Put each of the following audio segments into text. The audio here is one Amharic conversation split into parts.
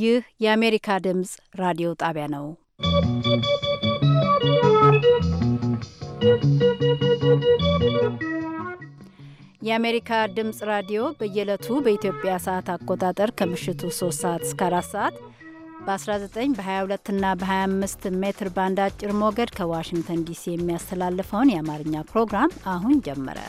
ይህ የአሜሪካ ድምፅ ራዲዮ ጣቢያ ነው። የአሜሪካ ድምፅ ራዲዮ በየዕለቱ በኢትዮጵያ ሰዓት አቆጣጠር ከምሽቱ 3 ሰዓት እስከ 4 ሰዓት በ19 በ22 እና በ25 ሜትር ባንድ አጭር ሞገድ ከዋሽንግተን ዲሲ የሚያስተላልፈውን የአማርኛ ፕሮግራም አሁን ጀመረ።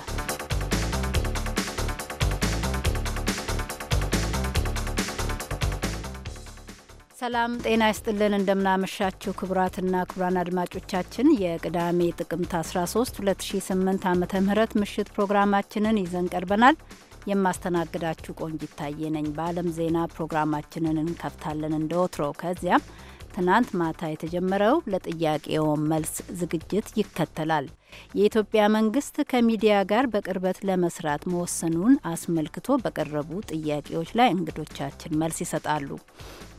ሰላም ጤና ይስጥልን። እንደምናመሻችሁ ክቡራትና ክቡራን አድማጮቻችን የቅዳሜ ጥቅምት 13 2008 ዓመተ ምህረት ምሽት ፕሮግራማችንን ይዘን ቀርበናል። የማስተናግዳችሁ ቆንጅ ይታየ ነኝ። በዓለም ዜና ፕሮግራማችንን እንከፍታለን እንደ ወትሮ። ከዚያም ትናንት ማታ የተጀመረው ለጥያቄው መልስ ዝግጅት ይከተላል። የኢትዮጵያ መንግስት ከሚዲያ ጋር በቅርበት ለመስራት መወሰኑን አስመልክቶ በቀረቡ ጥያቄዎች ላይ እንግዶቻችን መልስ ይሰጣሉ።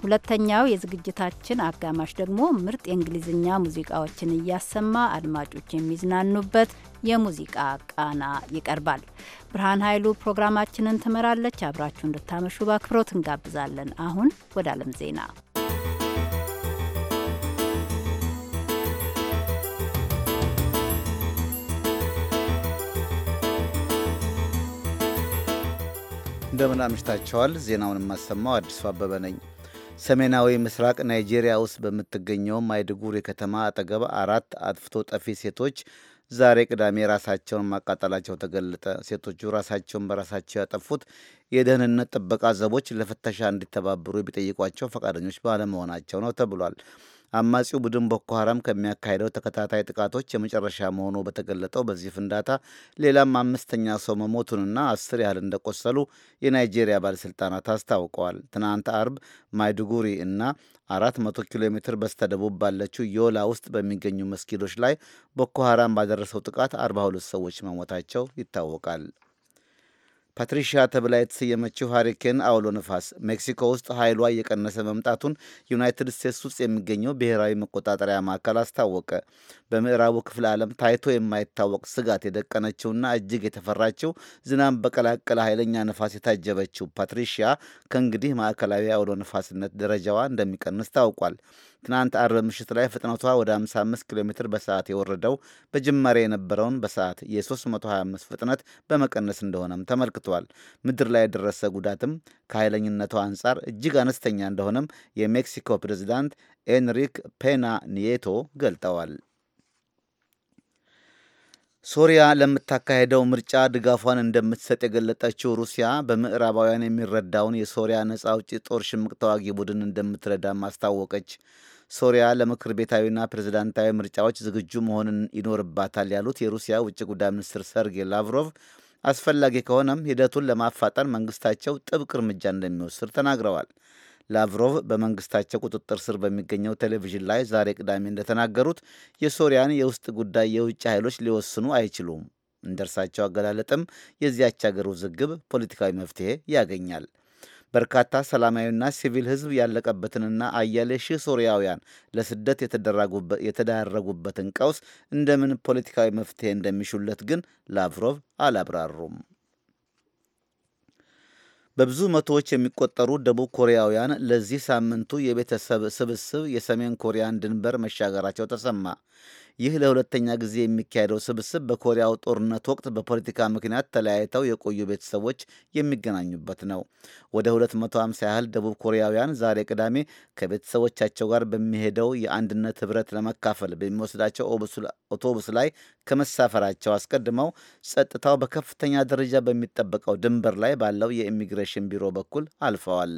ሁለተኛው የዝግጅታችን አጋማሽ ደግሞ ምርጥ የእንግሊዝኛ ሙዚቃዎችን እያሰማ አድማጮች የሚዝናኑበት የሙዚቃ ቃና ይቀርባል። ብርሃን ኃይሉ ፕሮግራማችንን ትመራለች። አብራችሁ እንድታመሹ በአክብሮት እንጋብዛለን። አሁን ወደ ዓለም ዜና እንደምን አምሽታችኋል። ዜናውን የማሰማው አዲሱ አበበ ነኝ። ሰሜናዊ ምስራቅ ናይጄሪያ ውስጥ በምትገኘው ማይድጉሪ ከተማ አጠገብ አራት አጥፍቶ ጠፊ ሴቶች ዛሬ ቅዳሜ ራሳቸውን ማቃጠላቸው ተገለጠ። ሴቶቹ ራሳቸውን በራሳቸው ያጠፉት የደህንነት ጥበቃ ዘቦች ለፍተሻ እንዲተባበሩ ቢጠይቋቸው ፈቃደኞች ባለመሆናቸው ነው ተብሏል። አማጺው ቡድን ቦኮ ሀራም ከሚያካሄደው ተከታታይ ጥቃቶች የመጨረሻ መሆኑ በተገለጠው በዚህ ፍንዳታ ሌላም አምስተኛ ሰው መሞቱንና አስር ያህል እንደቆሰሉ የናይጄሪያ ባለሥልጣናት አስታውቀዋል። ትናንት አርብ ማይዱጉሪ እና 400 ኪሎ ሜትር በስተደቡብ ባለችው ዮላ ውስጥ በሚገኙ መስጊዶች ላይ ቦኮ ሀራም ባደረሰው ጥቃት 42 ሰዎች መሞታቸው ይታወቃል። ፓትሪሺያ ተብላ የተሰየመችው ሃሪኬን አውሎ ነፋስ ሜክሲኮ ውስጥ ኃይሏ እየቀነሰ መምጣቱን ዩናይትድ ስቴትስ ውስጥ የሚገኘው ብሔራዊ መቆጣጠሪያ ማዕከል አስታወቀ። በምዕራቡ ክፍለ ዓለም ታይቶ የማይታወቅ ስጋት የደቀነችውና እጅግ የተፈራችው ዝናብ በቀላቀለ ኃይለኛ ነፋስ የታጀበችው ፓትሪሺያ ከእንግዲህ ማዕከላዊ አውሎ ነፋስነት ደረጃዋ እንደሚቀንስ ታውቋል። ትናንት አርብ ምሽት ላይ ፍጥነቷ ወደ 55 ኪሎ ሜትር በሰዓት የወረደው በጅማሬ የነበረውን በሰዓት የ325 ፍጥነት በመቀነስ እንደሆነም ተመልክቷል። ምድር ላይ የደረሰ ጉዳትም ከኃይለኝነቷ አንጻር እጅግ አነስተኛ እንደሆነም የሜክሲኮ ፕሬዚዳንት ኤንሪክ ፔና ኒየቶ ገልጠዋል። ሶሪያ ለምታካሄደው ምርጫ ድጋፏን እንደምትሰጥ የገለጠችው ሩሲያ በምዕራባውያን የሚረዳውን የሶሪያ ነጻ አውጪ ጦር ሽምቅ ተዋጊ ቡድን እንደምትረዳም አስታወቀች። ሶሪያ ለምክር ቤታዊና ፕሬዝዳንታዊ ምርጫዎች ዝግጁ መሆንን ይኖርባታል ያሉት የሩሲያ ውጭ ጉዳይ ሚኒስትር ሰርጌይ ላቭሮቭ አስፈላጊ ከሆነም ሂደቱን ለማፋጠን መንግስታቸው ጥብቅ እርምጃ እንደሚወስድ ተናግረዋል። ላቭሮቭ በመንግስታቸው ቁጥጥር ስር በሚገኘው ቴሌቪዥን ላይ ዛሬ ቅዳሜ እንደተናገሩት የሶሪያን የውስጥ ጉዳይ የውጭ ኃይሎች ሊወስኑ አይችሉም። እንደ እርሳቸው አገላለጥም የዚያች አገር ውዝግብ ፖለቲካዊ መፍትሄ ያገኛል። በርካታ ሰላማዊና ሲቪል ህዝብ ያለቀበትንና አያሌ ሺህ ሶሪያውያን ለስደት የተዳረጉበትን ቀውስ እንደምን ፖለቲካዊ መፍትሄ እንደሚሹለት ግን ላቭሮቭ አላብራሩም። በብዙ መቶዎች የሚቆጠሩ ደቡብ ኮሪያውያን ለዚህ ሳምንቱ የቤተሰብ ስብስብ የሰሜን ኮሪያን ድንበር መሻገራቸው ተሰማ። ይህ ለሁለተኛ ጊዜ የሚካሄደው ስብስብ በኮሪያው ጦርነት ወቅት በፖለቲካ ምክንያት ተለያይተው የቆዩ ቤተሰቦች የሚገናኙበት ነው። ወደ 250 ያህል ደቡብ ኮሪያውያን ዛሬ ቅዳሜ ከቤተሰቦቻቸው ጋር በሚሄደው የአንድነት ህብረት ለመካፈል በሚወስዳቸው አውቶቡስ ላይ ከመሳፈራቸው አስቀድመው ጸጥታው በከፍተኛ ደረጃ በሚጠበቀው ድንበር ላይ ባለው የኢሚግሬሽን ቢሮ በኩል አልፈዋል።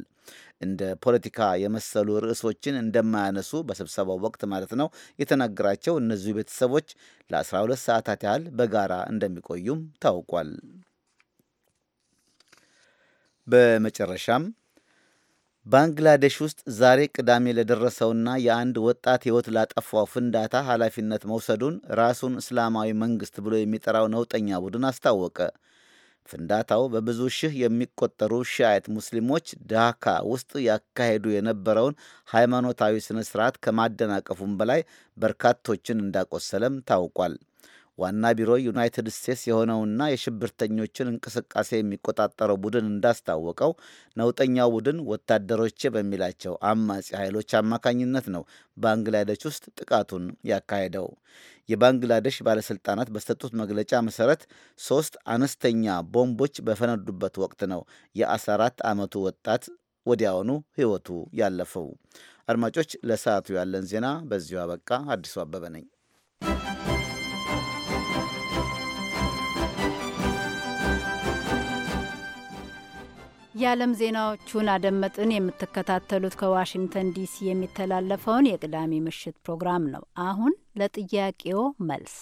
እንደ ፖለቲካ የመሰሉ ርዕሶችን እንደማያነሱ በስብሰባው ወቅት ማለት ነው የተነገራቸው እነዚሁ ቤተሰቦች ለ12 ሰዓታት ያህል በጋራ እንደሚቆዩም ታውቋል። በመጨረሻም ባንግላዴሽ ውስጥ ዛሬ ቅዳሜ ለደረሰውና የአንድ ወጣት ሕይወት ላጠፋው ፍንዳታ ኃላፊነት መውሰዱን ራሱን እስላማዊ መንግስት ብሎ የሚጠራው ነውጠኛ ቡድን አስታወቀ። ፍንዳታው በብዙ ሺህ የሚቆጠሩ ሺአይት ሙስሊሞች ዳካ ውስጥ ያካሄዱ የነበረውን ሃይማኖታዊ ስነ ስርዓት ከማደናቀፉም በላይ በርካቶችን እንዳቆሰለም ታውቋል። ዋና ቢሮ ዩናይትድ ስቴትስ የሆነውና የሽብርተኞችን እንቅስቃሴ የሚቆጣጠረው ቡድን እንዳስታወቀው ነውጠኛው ቡድን ወታደሮቼ በሚላቸው አማጺ ኃይሎች አማካኝነት ነው ባንግላዴሽ ውስጥ ጥቃቱን ያካሄደው። የባንግላዴሽ ባለሥልጣናት በሰጡት መግለጫ መሠረት ሦስት አነስተኛ ቦምቦች በፈነዱበት ወቅት ነው የ14 ዓመቱ ወጣት ወዲያውኑ ሕይወቱ ያለፈው። አድማጮች፣ ለሰዓቱ ያለን ዜና በዚሁ አበቃ። አዲሱ አበበ ነኝ። የዓለም ዜናዎቹን አደመጥን። የምትከታተሉት ከዋሽንግተን ዲሲ የሚተላለፈውን የቅዳሜ ምሽት ፕሮግራም ነው። አሁን ለጥያቄው መልስ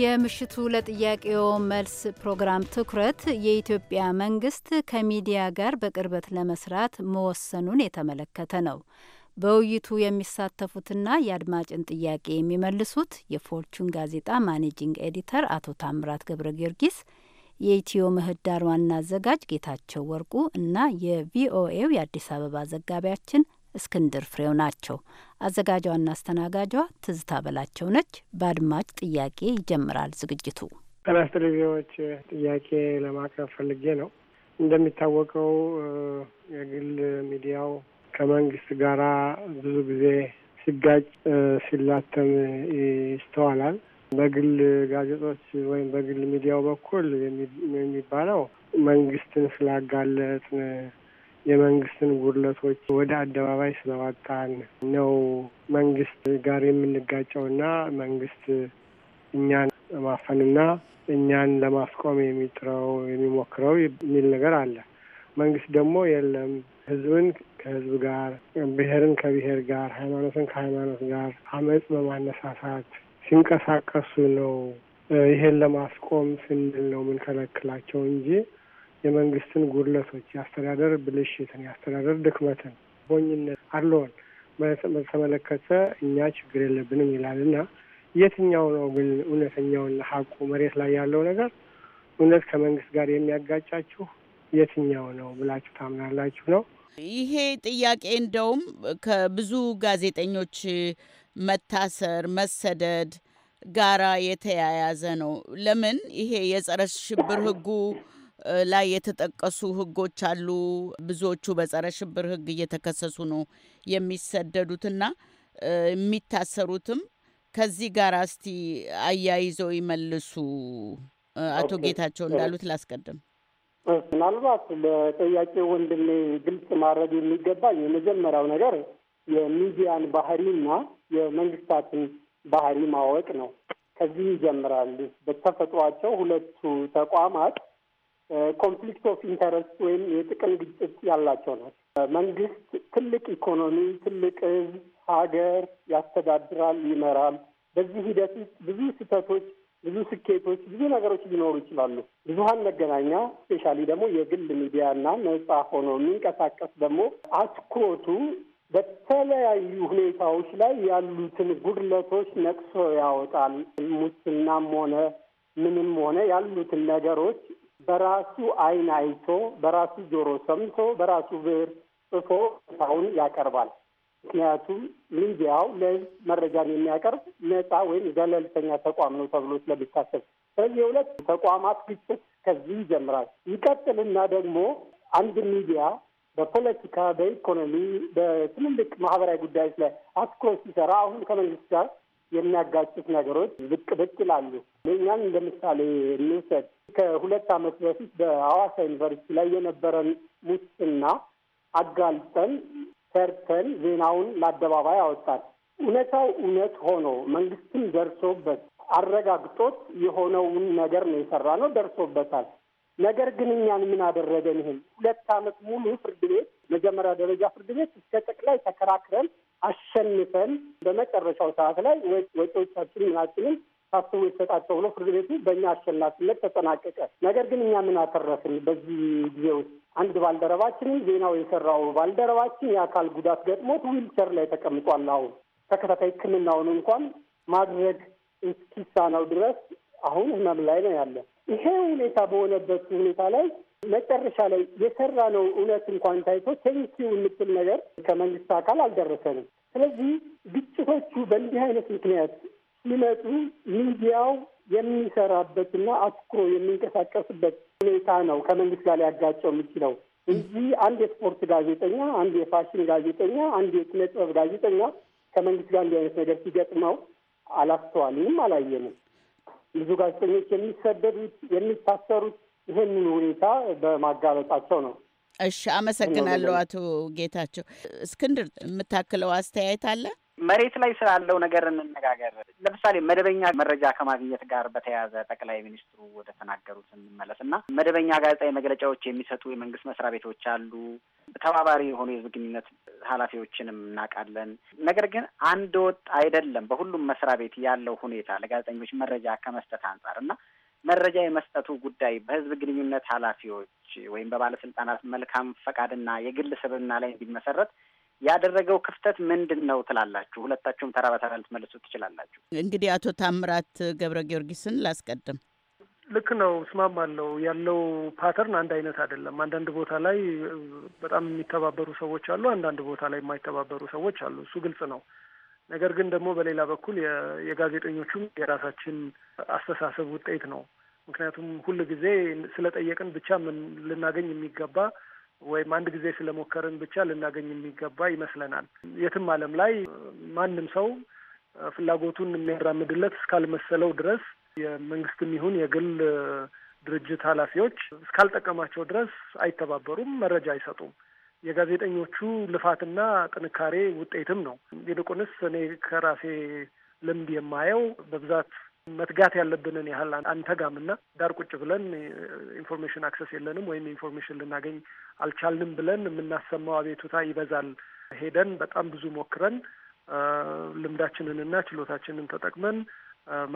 የምሽቱ ለጥያቄው መልስ ፕሮግራም ትኩረት የኢትዮጵያ መንግስት ከሚዲያ ጋር በቅርበት ለመስራት መወሰኑን የተመለከተ ነው። በውይይቱ የሚሳተፉትና የአድማጭን ጥያቄ የሚመልሱት የፎርቹን ጋዜጣ ማኔጂንግ ኤዲተር አቶ ታምራት ገብረ ጊዮርጊስ፣ የኢትዮ ምህዳር ዋና አዘጋጅ ጌታቸው ወርቁ እና የቪኦኤው የአዲስ አበባ ዘጋቢያችን እስክንድር ፍሬው ናቸው። አዘጋጇና አስተናጋጇ ትዝታ በላቸው ነች። በአድማጭ ጥያቄ ይጀምራል ዝግጅቱ። ቪዎች ጥያቄ ለማቅረብ ፈልጌ ነው። እንደሚታወቀው የግል ሚዲያው ከመንግስት ጋር ብዙ ጊዜ ሲጋጭ ሲላተም ይስተዋላል። በግል ጋዜጦች ወይም በግል ሚዲያው በኩል የሚባለው መንግስትን ስላጋለጥን የመንግስትን ጉድለቶች ወደ አደባባይ ስለወጣን ነው መንግስት ጋር የምንጋጨውና መንግስት እኛን ለማፈንና እኛን ለማስቆም የሚጥረው የሚሞክረው የሚል ነገር አለ። መንግስት ደግሞ የለም ህዝብን ከህዝብ ጋር፣ ብሔርን ከብሔር ጋር፣ ሃይማኖትን ከሃይማኖት ጋር አመፅ በማነሳሳት ሲንቀሳቀሱ ነው። ይሄን ለማስቆም ስንል ነው የምንከለክላቸው እንጂ የመንግስትን ጉድለቶች፣ የአስተዳደር ብልሽትን፣ የአስተዳደር ድክመትን፣ ቦኝነት አለውን በተመለከተ እኛ ችግር የለብንም ይላል እና የትኛው ነው ግን እውነተኛውና ሀቁ መሬት ላይ ያለው ነገር እውነት ከመንግስት ጋር የሚያጋጫችሁ የትኛው ነው ብላችሁ ታምናላችሁ ነው? ይሄ ጥያቄ እንደውም ከብዙ ጋዜጠኞች መታሰር፣ መሰደድ ጋራ የተያያዘ ነው። ለምን ይሄ የጸረ ሽብር ህጉ ላይ የተጠቀሱ ህጎች አሉ። ብዙዎቹ በጸረ ሽብር ህግ እየተከሰሱ ነው የሚሰደዱትና የሚታሰሩትም ከዚህ ጋር እስቲ አያይዘው ይመልሱ። አቶ ጌታቸው እንዳሉት ላስቀድም። ምናልባት ለጠያቄ ወንድሜ ግልጽ ማድረግ የሚገባኝ የመጀመሪያው ነገር የሚዲያን ባህሪና የመንግስታትን ባህሪ ማወቅ ነው። ከዚህ ይጀምራል። በተፈጥሯቸው ሁለቱ ተቋማት ኮንፍሊክት ኦፍ ኢንተረስት ወይም የጥቅም ግጭት ያላቸው ናቸው። መንግስት ትልቅ ኢኮኖሚ፣ ትልቅ ህዝብ፣ ሀገር ያስተዳድራል፣ ይመራል። በዚህ ሂደት ውስጥ ብዙ ስህተቶች ብዙ ስኬቶች፣ ብዙ ነገሮች ሊኖሩ ይችላሉ። ብዙሀን መገናኛ ስፔሻሊ ደግሞ የግል ሚዲያና ነጻ ሆኖ የሚንቀሳቀስ ደግሞ አትኩሮቱ በተለያዩ ሁኔታዎች ላይ ያሉትን ጉድለቶች ነቅሶ ያወጣል። ሙስናም ሆነ ምንም ሆነ ያሉትን ነገሮች በራሱ አይን አይቶ በራሱ ጆሮ ሰምቶ በራሱ ብዕር ጽፎ ሁኔታውን ያቀርባል። ምክንያቱም ሚዲያው ለህዝብ መረጃን የሚያቀርብ ነፃ ወይም ገለልተኛ ተቋም ነው ተብሎ ስለሚታሰብ፣ ስለዚህ የሁለት ተቋማት ግጭት ከዚህ ይጀምራል። ይቀጥልና ደግሞ አንድ ሚዲያ በፖለቲካ፣ በኢኮኖሚ፣ በትልልቅ ማህበራዊ ጉዳዮች ላይ አትኩሮ ሲሰራ አሁን ከመንግስት ጋር የሚያጋጩት ነገሮች ብቅ ብቅ ይላሉ። እኛን እንደ ምሳሌ እንውሰድ። ከሁለት ዓመት በፊት በሐዋሳ ዩኒቨርሲቲ ላይ የነበረን ሙስና አጋልጠን ሰርተን ዜናውን ለአደባባይ አወጣል። እውነታው እውነት ሆኖ መንግስትም ደርሶበት አረጋግጦት የሆነውን ነገር ነው የሰራ ነው፣ ደርሶበታል። ነገር ግን እኛን ምን አደረገን? ይህን ሁለት አመት ሙሉ ፍርድ ቤት መጀመሪያ ደረጃ ፍርድ ቤት እስከ ጠቅላይ ተከራክረን አሸንፈን በመጨረሻው ሰዓት ላይ ወጪዎቻችን ምናችንም ታስቡ የተሰጣቸው ብሎ ፍርድ ቤቱ በእኛ አሸናፊነት ተጠናቀቀ። ነገር ግን እኛ ምን አተረፍን በዚህ ጊዜ ውስጥ? አንድ ባልደረባችንም ዜናው የሰራው ባልደረባችን የአካል ጉዳት ገጥሞት ዊልቸር ላይ ተቀምጧል። አሁን ተከታታይ ሕክምናውን እንኳን ማድረግ እስኪሳነው ድረስ አሁን ህመም ላይ ነው ያለ። ይሄ ሁኔታ በሆነበት ሁኔታ ላይ መጨረሻ ላይ የሰራ ነው እውነት እንኳን ታይቶ ቴንኪው የምትል ነገር ከመንግስት አካል አልደረሰንም። ስለዚህ ግጭቶቹ በእንዲህ አይነት ምክንያት ሲመጡ ሚዲያው የሚሰራበትና አትኩሮ የሚንቀሳቀስበት ሁኔታ ነው ከመንግስት ጋር ሊያጋጨው የሚችለው እንጂ አንድ የስፖርት ጋዜጠኛ፣ አንድ የፋሽን ጋዜጠኛ፣ አንድ የኪነ ጥበብ ጋዜጠኛ ከመንግስት ጋር እንዲህ አይነት ነገር ሲገጥመው አላስተዋልንም፣ አላየንም። ብዙ ጋዜጠኞች የሚሰደዱት የሚታሰሩት ይህንን ሁኔታ በማጋለጣቸው ነው። እሺ፣ አመሰግናለሁ አቶ ጌታቸው። እስክንድር የምታክለው አስተያየት አለ? መሬት ላይ ስላለው ነገር እንነጋገር። ለምሳሌ መደበኛ መረጃ ከማግኘት ጋር በተያያዘ ጠቅላይ ሚኒስትሩ ወደ ተናገሩት እንመለስ እና መደበኛ ጋዜጣዊ መግለጫዎች የሚሰጡ የመንግስት መስሪያ ቤቶች አሉ። ተባባሪ የሆኑ የህዝብ ግንኙነት ኃላፊዎችንም እናውቃለን። ነገር ግን አንድ ወጥ አይደለም በሁሉም መስሪያ ቤት ያለው ሁኔታ ለጋዜጠኞች መረጃ ከመስጠት አንጻር እና መረጃ የመስጠቱ ጉዳይ በህዝብ ግንኙነት ኃላፊዎች ወይም በባለስልጣናት መልካም ፈቃድና የግል ስብዕና ላይ እንዲመሰረት ያደረገው ክፍተት ምንድን ነው ትላላችሁ? ሁለታችሁም ተራ በተራ ልትመልሱ ትችላላችሁ። እንግዲህ አቶ ታምራት ገብረ ጊዮርጊስን ላስቀድም። ልክ ነው፣ እስማማለሁ። ያለው ፓተርን አንድ አይነት አይደለም። አንዳንድ ቦታ ላይ በጣም የሚተባበሩ ሰዎች አሉ፣ አንዳንድ ቦታ ላይ የማይተባበሩ ሰዎች አሉ። እሱ ግልጽ ነው። ነገር ግን ደግሞ በሌላ በኩል የጋዜጠኞቹም የራሳችን አስተሳሰብ ውጤት ነው። ምክንያቱም ሁል ጊዜ ስለ ጠየቅን ብቻ ምን ልናገኝ የሚገባ ወይም አንድ ጊዜ ስለሞከርን ብቻ ልናገኝ የሚገባ ይመስለናል። የትም ዓለም ላይ ማንም ሰው ፍላጎቱን የሚያራምድለት እስካልመሰለው ድረስ የመንግስትም ይሁን የግል ድርጅት ኃላፊዎች እስካልጠቀማቸው ድረስ አይተባበሩም፣ መረጃ አይሰጡም። የጋዜጠኞቹ ልፋትና ጥንካሬ ውጤትም ነው። ይልቁንስ እኔ ከራሴ ልምድ የማየው በብዛት መትጋት ያለብንን ያህል አንተጋም እና ዳር ቁጭ ብለን ኢንፎርሜሽን አክሰስ የለንም ወይም ኢንፎርሜሽን ልናገኝ አልቻልንም ብለን የምናሰማው አቤቱታ ይበዛል። ሄደን በጣም ብዙ ሞክረን ልምዳችንንና ችሎታችንን ተጠቅመን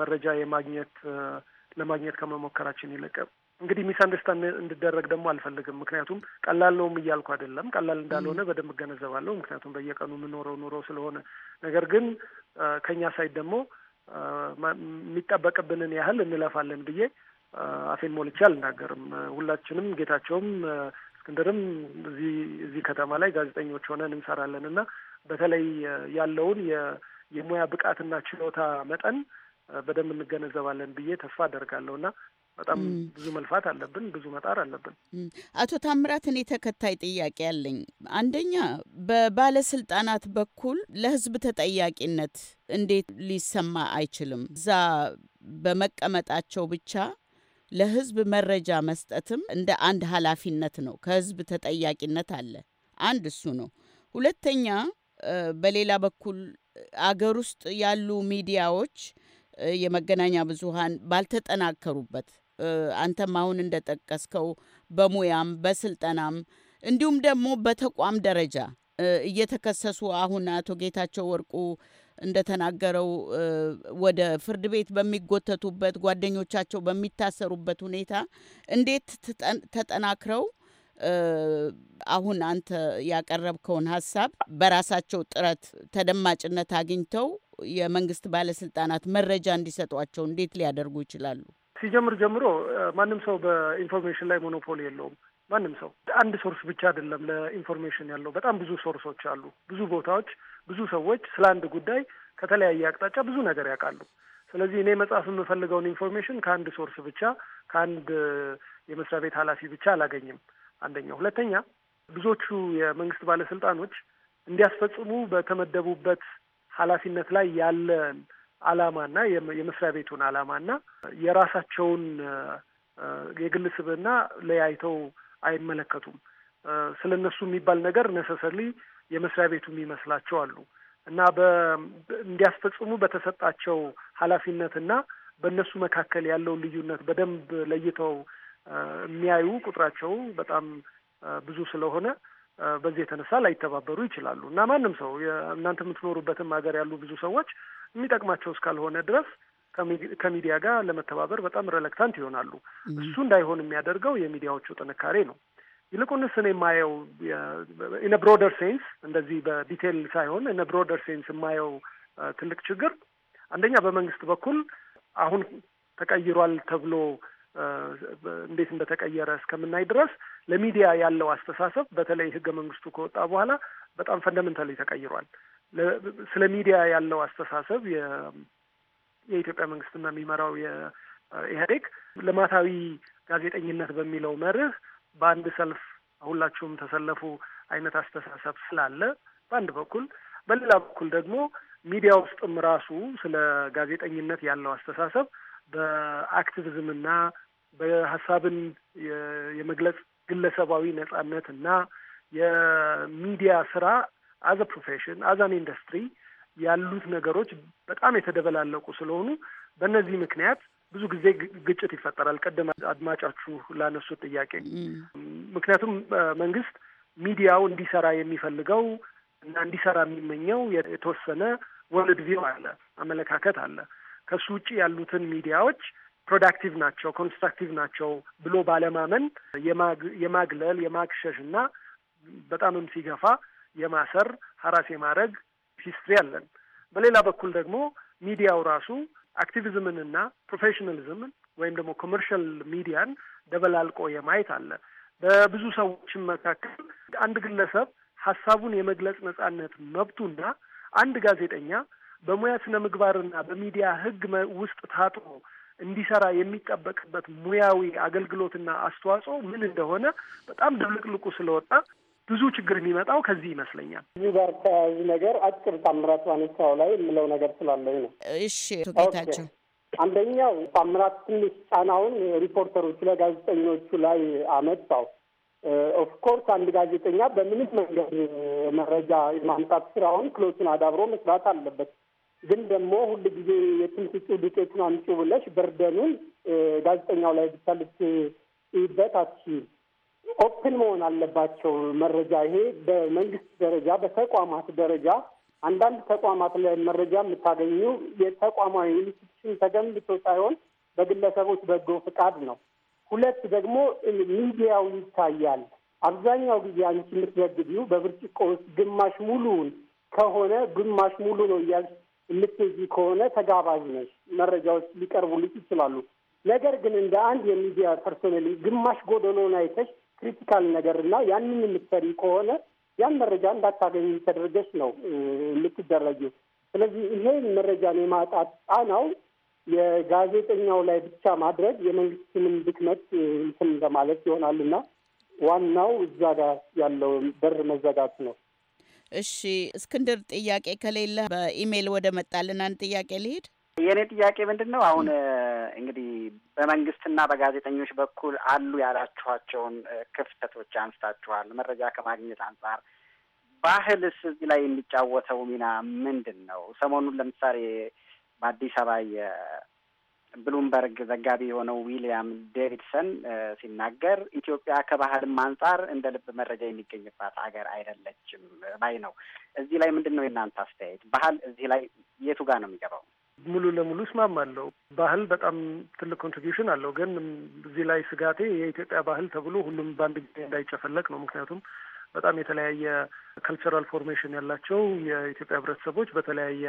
መረጃ የማግኘት ለማግኘት ከመሞከራችን ይልቅ እንግዲህ ሚስ አንደርስታንድ እንድደረግ ደግሞ አልፈልግም። ምክንያቱም ቀላል ነውም እያልኩ አይደለም። ቀላል እንዳልሆነ በደንብ እገነዘባለሁ። ምክንያቱም በየቀኑ የምኖረው ኑሮ ስለሆነ ነገር ግን ከእኛ ሳይድ ደግሞ የሚጠበቅብንን ያህል እንለፋለን ብዬ አፌን ሞልቼ አልናገርም። ሁላችንም ጌታቸውም እስክንድርም እዚህ እዚህ ከተማ ላይ ጋዜጠኞች ሆነን እንሰራለን እና በተለይ ያለውን የሙያ ብቃትና ችሎታ መጠን በደንብ እንገነዘባለን ብዬ ተስፋ አደርጋለሁ እና በጣም ብዙ መልፋት አለብን፣ ብዙ መጣር አለብን። አቶ ታምራት፣ እኔ ተከታይ ጥያቄ ያለኝ አንደኛ በባለስልጣናት በኩል ለህዝብ ተጠያቂነት እንዴት ሊሰማ አይችልም? እዛ በመቀመጣቸው ብቻ ለህዝብ መረጃ መስጠትም እንደ አንድ ኃላፊነት ነው። ከህዝብ ተጠያቂነት አለ። አንድ እሱ ነው። ሁለተኛ በሌላ በኩል አገር ውስጥ ያሉ ሚዲያዎች የመገናኛ ብዙሃን ባልተጠናከሩበት አንተም አሁን እንደጠቀስከው በሙያም በስልጠናም እንዲሁም ደግሞ በተቋም ደረጃ እየተከሰሱ አሁን አቶ ጌታቸው ወርቁ እንደተናገረው ወደ ፍርድ ቤት በሚጎተቱበት ጓደኞቻቸው በሚታሰሩበት ሁኔታ እንዴት ተጠናክረው አሁን አንተ ያቀረብከውን ሀሳብ በራሳቸው ጥረት ተደማጭነት አግኝተው የመንግስት ባለስልጣናት መረጃ እንዲሰጧቸው እንዴት ሊያደርጉ ይችላሉ? ሲጀምር ጀምሮ ማንም ሰው በኢንፎርሜሽን ላይ ሞኖፖል የለውም። ማንም ሰው አንድ ሶርስ ብቻ አይደለም ለኢንፎርሜሽን ያለው፣ በጣም ብዙ ሶርሶች አሉ። ብዙ ቦታዎች፣ ብዙ ሰዎች ስለ አንድ ጉዳይ ከተለያየ አቅጣጫ ብዙ ነገር ያውቃሉ። ስለዚህ እኔ መጽሐፍ የምፈልገውን ኢንፎርሜሽን ከአንድ ሶርስ ብቻ ከአንድ የመስሪያ ቤት ኃላፊ ብቻ አላገኝም። አንደኛው። ሁለተኛ ብዙዎቹ የመንግስት ባለስልጣኖች እንዲያስፈጽሙ በተመደቡበት ኃላፊነት ላይ ያለን አላማና የመስሪያ ቤቱን አላማና የራሳቸውን የግል ስብዕና ለያይተው አይመለከቱም። ስለ እነሱ የሚባል ነገር ነሰሰሊ የመስሪያ ቤቱ የሚመስላቸው አሉ እና እንዲያስፈጽሙ በተሰጣቸው ኃላፊነትና በእነሱ መካከል ያለው ልዩነት በደንብ ለይተው የሚያዩ ቁጥራቸው በጣም ብዙ ስለሆነ በዚህ የተነሳ ላይተባበሩ ይችላሉ እና ማንም ሰው እናንተ የምትኖሩበትም ሀገር ያሉ ብዙ ሰዎች የሚጠቅማቸው እስካልሆነ ድረስ ከሚዲያ ጋር ለመተባበር በጣም ረለክታንት ይሆናሉ። እሱ እንዳይሆን የሚያደርገው የሚዲያዎቹ ጥንካሬ ነው። ይልቁንስ እኔ የማየው ኢነ ብሮደር ሴንስ እንደዚህ በዲቴል ሳይሆን ኢነ ብሮደር ሴንስ የማየው ትልቅ ችግር አንደኛ በመንግስት በኩል አሁን ተቀይሯል ተብሎ እንዴት እንደተቀየረ እስከምናይ ድረስ ለሚዲያ ያለው አስተሳሰብ በተለይ ህገ መንግስቱ ከወጣ በኋላ በጣም ፈንደመንታሊ ተቀይሯል። ስለ ሚዲያ ያለው አስተሳሰብ የኢትዮጵያ መንግስትና የሚመራው የኢህአዴግ ልማታዊ ጋዜጠኝነት በሚለው መርህ በአንድ ሰልፍ ሁላችሁም ተሰለፉ አይነት አስተሳሰብ ስላለ በአንድ በኩል፣ በሌላ በኩል ደግሞ ሚዲያ ውስጥም ራሱ ስለ ጋዜጠኝነት ያለው አስተሳሰብ በአክቲቪዝምና በሀሳብን የመግለጽ ግለሰባዊ ነጻነት እና የሚዲያ ስራ አዛ ፕሮፌሽን አዝ አን ኢንዱስትሪ ያሉት ነገሮች በጣም የተደበላለቁ ስለሆኑ በእነዚህ ምክንያት ብዙ ጊዜ ግጭት ይፈጠራል። ቀደም አድማጫችሁ ላነሱት ጥያቄ ምክንያቱም መንግስት ሚዲያው እንዲሰራ የሚፈልገው እና እንዲሰራ የሚመኘው የተወሰነ ወርልድ ቪው አለ፣ አመለካከት አለ። ከሱ ውጭ ያሉትን ሚዲያዎች ፕሮዳክቲቭ ናቸው፣ ኮንስትራክቲቭ ናቸው ብሎ ባለማመን የማግለል የማግሸሽ እና በጣምም ሲገፋ የማሰር ሀራስ የማድረግ ሂስትሪ አለን። በሌላ በኩል ደግሞ ሚዲያው ራሱ አክቲቪዝምንና ፕሮፌሽናሊዝምን ወይም ደግሞ ኮመርሻል ሚዲያን ደበላልቆ የማየት አለ። በብዙ ሰዎችን መካከል አንድ ግለሰብ ሀሳቡን የመግለጽ ነጻነት መብቱና አንድ ጋዜጠኛ በሙያ ስነ ምግባርና በሚዲያ ሕግ ውስጥ ታጥሮ እንዲሰራ የሚጠበቅበት ሙያዊ አገልግሎትና አስተዋጽኦ ምን እንደሆነ በጣም ድብልቅልቁ ስለወጣ ብዙ ችግር የሚመጣው ከዚህ ይመስለኛል። እዚህ ጋር ተያያዥ ነገር አጭር ታምራት ባነሳው ላይ የምለው ነገር ስላለኝ ነው። እሺ አቶ ጌታቸው፣ አንደኛው ታምራት ትንሽ ጫናውን ሪፖርተሮቹ ላይ ጋዜጠኞቹ ላይ አመጣው። ኦፍኮርስ አንድ ጋዜጠኛ በምንም መንገድ መረጃ የማምጣት ስራውን ክሎቱን አዳብሮ መስራት አለበት። ግን ደግሞ ሁል ጊዜ የትምስጩ ዱቄቱን አምጪ ብለሽ በርደኑን ጋዜጠኛው ላይ ብቻ ልትይበት አትችይም። ኦፕን መሆን አለባቸው። መረጃ ይሄ በመንግስት ደረጃ በተቋማት ደረጃ አንዳንድ ተቋማት ላይ መረጃ የምታገኙ የተቋማዊ ኢንስቲትሽን ተገንብቶ ሳይሆን በግለሰቦች በጎ ፍቃድ ነው። ሁለት ደግሞ ሚዲያው ይታያል። አብዛኛው ጊዜ አንቺ የምትዘግቢው በብርጭቆ ውስጥ ግማሽ ሙሉውን ከሆነ ግማሽ ሙሉ ነው እያልሽ የምትሄጂ ከሆነ ተጋባዥ ነች። መረጃዎች ሊቀርቡልሽ ይችላሉ። ነገር ግን እንደ አንድ የሚዲያ ፐርሶኔል ግማሽ ጎደሎን አይተሽ ክሪቲካል ነገር እና ያንን የምትሰሪ ከሆነ ያን መረጃ እንዳታገኝ ተደርገሽ ነው የምትደረጊ። ስለዚህ ይሄ መረጃን የማጣት ጣናው የጋዜጠኛው ላይ ብቻ ማድረግ የመንግስትንም ድክመት እንትን ለማለት ይሆናልና ዋናው እዛ ጋር ያለው በር መዘጋት ነው። እሺ እስክንድር፣ ጥያቄ ከሌለ በኢሜይል ወደ መጣልን አንድ ጥያቄ ልሂድ። የእኔ ጥያቄ ምንድን ነው? አሁን እንግዲህ በመንግስትና በጋዜጠኞች በኩል አሉ ያላችኋቸውን ክፍተቶች አንስታችኋል። መረጃ ከማግኘት አንጻር ባህልስ እዚህ ላይ የሚጫወተው ሚና ምንድን ነው? ሰሞኑን ለምሳሌ በአዲስ አበባ የብሉምበርግ ዘጋቢ የሆነው ዊሊያም ዴቪድሰን ሲናገር ኢትዮጵያ ከባህልም አንጻር እንደ ልብ መረጃ የሚገኝባት አገር አይደለችም ባይ ነው። እዚህ ላይ ምንድን ነው የእናንተ አስተያየት? ባህል እዚህ ላይ የቱ ጋር ነው የሚገባው? ሙሉ ለሙሉ እስማማለሁ። ባህል በጣም ትልቅ ኮንትሪቢሽን አለው። ግን እዚህ ላይ ስጋቴ የኢትዮጵያ ባህል ተብሎ ሁሉም በአንድ ጊዜ እንዳይጨፈለቅ ነው። ምክንያቱም በጣም የተለያየ ከልቸራል ፎርሜሽን ያላቸው የኢትዮጵያ ህብረተሰቦች በተለያየ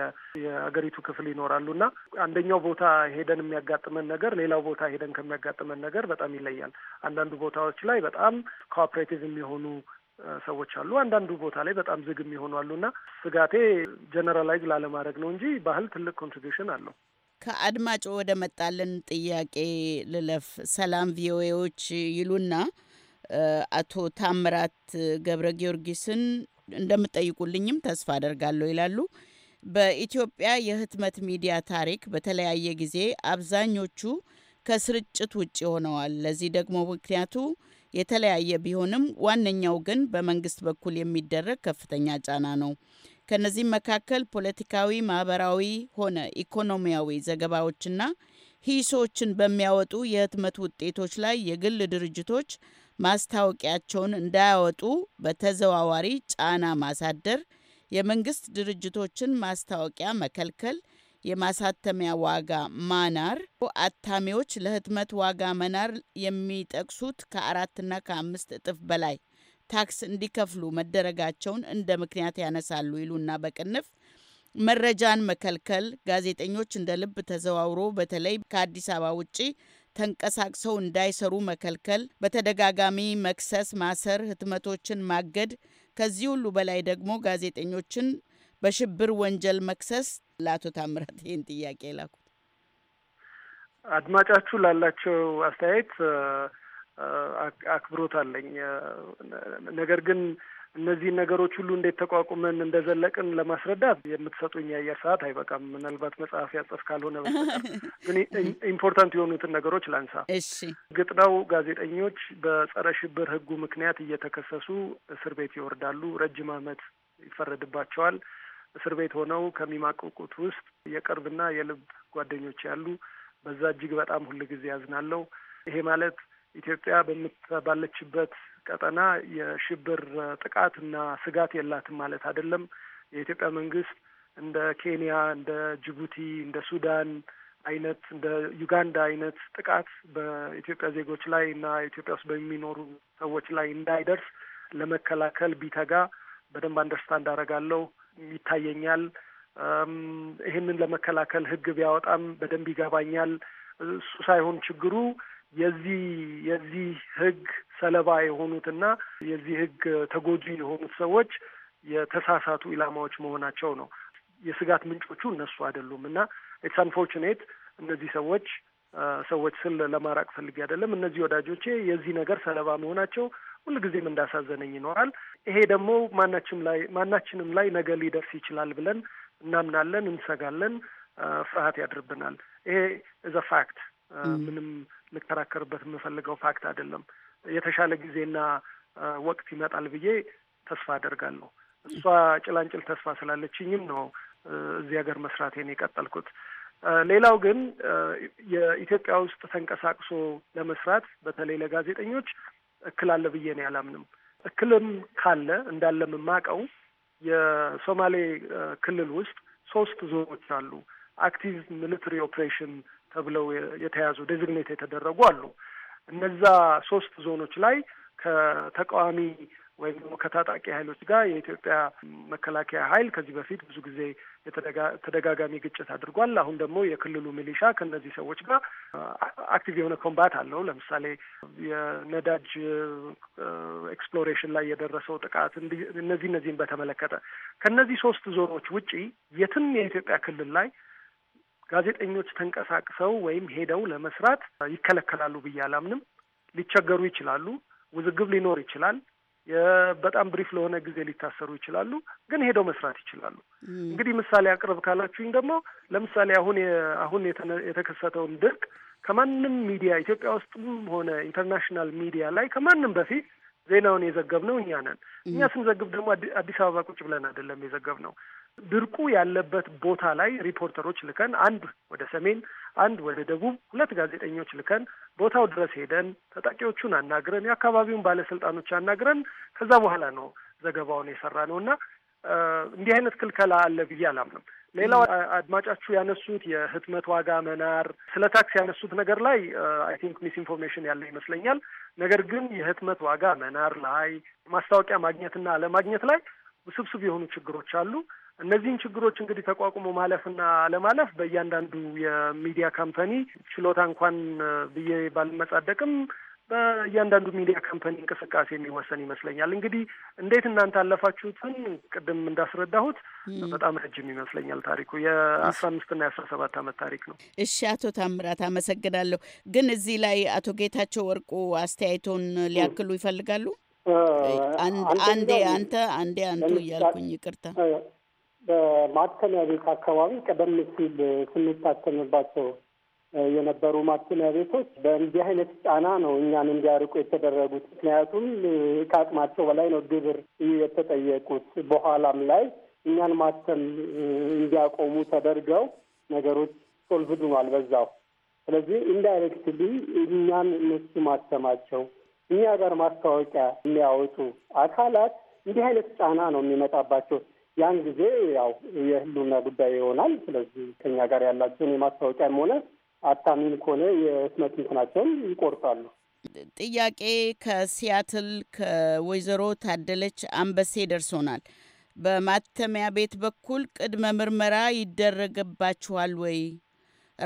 የአገሪቱ ክፍል ይኖራሉ እና አንደኛው ቦታ ሄደን የሚያጋጥመን ነገር ሌላው ቦታ ሄደን ከሚያጋጥመን ነገር በጣም ይለያል። አንዳንዱ ቦታዎች ላይ በጣም ኮኦፕሬቲቭ የሚሆኑ ሰዎች አሉ። አንዳንዱ ቦታ ላይ በጣም ዝግም የሆኑ አሉና ስጋቴ ጀነራላይዝ ላለማድረግ ነው እንጂ ባህል ትልቅ ኮንትሪቢሽን አለው። ከአድማጭ ወደ መጣልን ጥያቄ ልለፍ። ሰላም ቪኦኤዎች ይሉና አቶ ታምራት ገብረ ጊዮርጊስን እንደምጠይቁልኝም ተስፋ አደርጋለሁ ይላሉ። በኢትዮጵያ የህትመት ሚዲያ ታሪክ በተለያየ ጊዜ አብዛኞቹ ከስርጭት ውጭ ሆነዋል። ለዚህ ደግሞ ምክንያቱ የተለያየ ቢሆንም ዋነኛው ግን በመንግስት በኩል የሚደረግ ከፍተኛ ጫና ነው። ከነዚህም መካከል ፖለቲካዊ፣ ማህበራዊ ሆነ ኢኮኖሚያዊ ዘገባዎችና ሂሶችን በሚያወጡ የህትመት ውጤቶች ላይ የግል ድርጅቶች ማስታወቂያቸውን እንዳያወጡ በተዘዋዋሪ ጫና ማሳደር፣ የመንግስት ድርጅቶችን ማስታወቂያ መከልከል፣ የማሳተሚያ ዋጋ ማናር፣ አታሚዎች ለህትመት ዋጋ መናር የሚጠቅሱት ከአራትና ከአምስት እጥፍ በላይ ታክስ እንዲከፍሉ መደረጋቸውን እንደ ምክንያት ያነሳሉ ይሉና በቅንፍ መረጃን መከልከል፣ ጋዜጠኞች እንደ ልብ ተዘዋውሮ በተለይ ከአዲስ አበባ ውጪ ተንቀሳቅሰው እንዳይሰሩ መከልከል፣ በተደጋጋሚ መክሰስ፣ ማሰር፣ ህትመቶችን ማገድ፣ ከዚህ ሁሉ በላይ ደግሞ ጋዜጠኞችን በሽብር ወንጀል መክሰስ ለአቶ ታምራት ይህን ጥያቄ የላኩት አድማጫችሁ ላላቸው አስተያየት አክብሮት አለኝ። ነገር ግን እነዚህን ነገሮች ሁሉ እንዴት ተቋቁመን እንደዘለቅን ለማስረዳት የምትሰጡኝ የአየር ሰዓት አይበቃም። ምናልባት መጽሐፍ ያጸፍ ካልሆነ በስተቀር ግን ኢምፖርታንት የሆኑትን ነገሮች ላንሳ። እሺ፣ ግጥናው ጋዜጠኞች በጸረ ሽብር ሕጉ ምክንያት እየተከሰሱ እስር ቤት ይወርዳሉ። ረጅም ዓመት ይፈረድባቸዋል። እስር ቤት ሆነው ከሚማቀቁት ውስጥ የቅርብና የልብ ጓደኞች ያሉ በዛ እጅግ በጣም ጊዜ ያዝናለው። ይሄ ማለት ኢትዮጵያ በምትባለችበት ቀጠና የሽብር ጥቃትና ስጋት የላትም ማለት አይደለም። የኢትዮጵያ መንግስት እንደ ኬንያ፣ እንደ ጅቡቲ፣ እንደ ሱዳን አይነት እንደ ዩጋንዳ አይነት ጥቃት በኢትዮጵያ ዜጎች ላይ እና ኢትዮጵያ ውስጥ በሚኖሩ ሰዎች ላይ እንዳይደርስ ለመከላከል ቢተጋ በደንብ አንደርስታንድ አደርጋለሁ። ይታየኛል። ይህንን ለመከላከል ህግ ቢያወጣም በደንብ ይገባኛል። እሱ ሳይሆን ችግሩ የዚህ የዚህ ህግ ሰለባ የሆኑትና የዚህ ህግ ተጎጂ የሆኑት ሰዎች የተሳሳቱ ኢላማዎች መሆናቸው ነው። የስጋት ምንጮቹ እነሱ አይደሉም እና ኢትስ አንፎርቹኔት እነዚህ ሰዎች ሰዎች ስል ለማራቅ ፈልጌ አይደለም። እነዚህ ወዳጆቼ የዚህ ነገር ሰለባ መሆናቸው ሁልጊዜም እንዳሳዘነኝ ይኖራል። ይሄ ደግሞ ማናችንም ላይ ማናችንም ላይ ነገ ሊደርስ ይችላል ብለን እናምናለን፣ እንሰጋለን፣ ፍርሃት ያድርብናል። ይሄ እዘ ፋክት ምንም ልከራከርበት የምፈልገው ፋክት አይደለም። የተሻለ ጊዜና ወቅት ይመጣል ብዬ ተስፋ አደርጋለሁ። እሷ ጭላንጭል ተስፋ ስላለችኝም ነው እዚህ ሀገር መስራቴን የቀጠልኩት። ሌላው ግን የኢትዮጵያ ውስጥ ተንቀሳቅሶ ለመስራት በተለይ ለጋዜጠኞች እክል አለ ብዬ እኔ አላምንም። እክልም ካለ እንዳለ የማውቀው የሶማሌ ክልል ውስጥ ሶስት ዞኖች አሉ። አክቲቭ ሚሊትሪ ኦፕሬሽን ተብለው የተያዙ ዴዚግኔት የተደረጉ አሉ። እነዛ ሶስት ዞኖች ላይ ከተቃዋሚ ወይም ደግሞ ከታጣቂ ኃይሎች ጋር የኢትዮጵያ መከላከያ ኃይል ከዚህ በፊት ብዙ ጊዜ ተደጋጋሚ ግጭት አድርጓል። አሁን ደግሞ የክልሉ ሚሊሻ ከእነዚህ ሰዎች ጋር አክቲቭ የሆነ ኮምባት አለው። ለምሳሌ የነዳጅ ኤክስፕሎሬሽን ላይ የደረሰው ጥቃት እነዚህ እነዚህን በተመለከተ ከእነዚህ ሶስት ዞኖች ውጪ የትም የኢትዮጵያ ክልል ላይ ጋዜጠኞች ተንቀሳቅሰው ወይም ሄደው ለመስራት ይከለከላሉ ብዬ አላምንም። ሊቸገሩ ይችላሉ። ውዝግብ ሊኖር ይችላል። በጣም ብሪፍ ለሆነ ጊዜ ሊታሰሩ ይችላሉ፣ ግን ሄደው መስራት ይችላሉ። እንግዲህ ምሳሌ አቅርብ ካላችሁኝ ደግሞ ለምሳሌ አሁን አሁን የተከሰተውን ድርቅ ከማንም ሚዲያ ኢትዮጵያ ውስጥም ሆነ ኢንተርናሽናል ሚዲያ ላይ ከማንም በፊት ዜናውን የዘገብነው እኛ ነን። እኛ ስንዘግብ ደግሞ አዲስ አበባ ቁጭ ብለን አይደለም የዘገብነው። ድርቁ ያለበት ቦታ ላይ ሪፖርተሮች ልከን አንድ ወደ ሰሜን አንድ ወደ ደቡብ፣ ሁለት ጋዜጠኞች ልከን ቦታው ድረስ ሄደን ታጣቂዎቹን አናግረን የአካባቢውን ባለስልጣኖች አናግረን ከዛ በኋላ ነው ዘገባውን የሰራ ነው እና እንዲህ አይነት ክልከላ አለ ብዬ አላምንም። ሌላው አድማጫችሁ ያነሱት የህትመት ዋጋ መናር፣ ስለ ታክስ ያነሱት ነገር ላይ አይ ቲንክ ሚስ ኢንፎርሜሽን ያለ ይመስለኛል። ነገር ግን የህትመት ዋጋ መናር ላይ ማስታወቂያ ማግኘትና አለማግኘት ላይ ውስብስብ የሆኑ ችግሮች አሉ። እነዚህን ችግሮች እንግዲህ ተቋቁሞ ማለፍና አለማለፍ በእያንዳንዱ የሚዲያ ካምፓኒ ችሎታ እንኳን ብዬ ባልመጻደቅም በእያንዳንዱ ሚዲያ ካምፓኒ እንቅስቃሴ የሚወሰን ይመስለኛል። እንግዲህ እንዴት እናንተ አለፋችሁትን ቅድም እንዳስረዳሁት በጣም ረጅም ይመስለኛል ታሪኩ የአስራ አምስትና የአስራ ሰባት ዓመት ታሪክ ነው። እሺ አቶ ታምራት አመሰግናለሁ። ግን እዚህ ላይ አቶ ጌታቸው ወርቁ አስተያየቶን ሊያክሉ ይፈልጋሉ። አንዴ አንተ አንዴ አንቱ እያልኩኝ ይቅርታ በማተሚያ ቤት አካባቢ ቀደም ሲል ስንታተምባቸው የነበሩ ማተሚያ ቤቶች በእንዲህ አይነት ጫና ነው እኛን እንዲያርቁ የተደረጉት። ምክንያቱም ከአቅማቸው በላይ ነው ግብር የተጠየቁት። በኋላም ላይ እኛን ማተም እንዲያቆሙ ተደርገው ነገሮች ሶልቭድ በዛው። ስለዚህ ኢንዳይሬክትሊ እኛን እነሱ ማተማቸው እኛ ጋር ማስታወቂያ የሚያወጡ አካላት እንዲህ አይነት ጫና ነው የሚመጣባቸው። ያን ጊዜ ያው የህልውና ጉዳይ ይሆናል። ስለዚህ ከኛ ጋር ያላቸውን የማስታወቂያም ሆነ አታሚም ከሆነ የህትመት እንትናቸውን ይቆርጣሉ። ጥያቄ ከሲያትል ከወይዘሮ ታደለች አንበሴ ደርሶናል። በማተሚያ ቤት በኩል ቅድመ ምርመራ ይደረግባችኋል ወይ?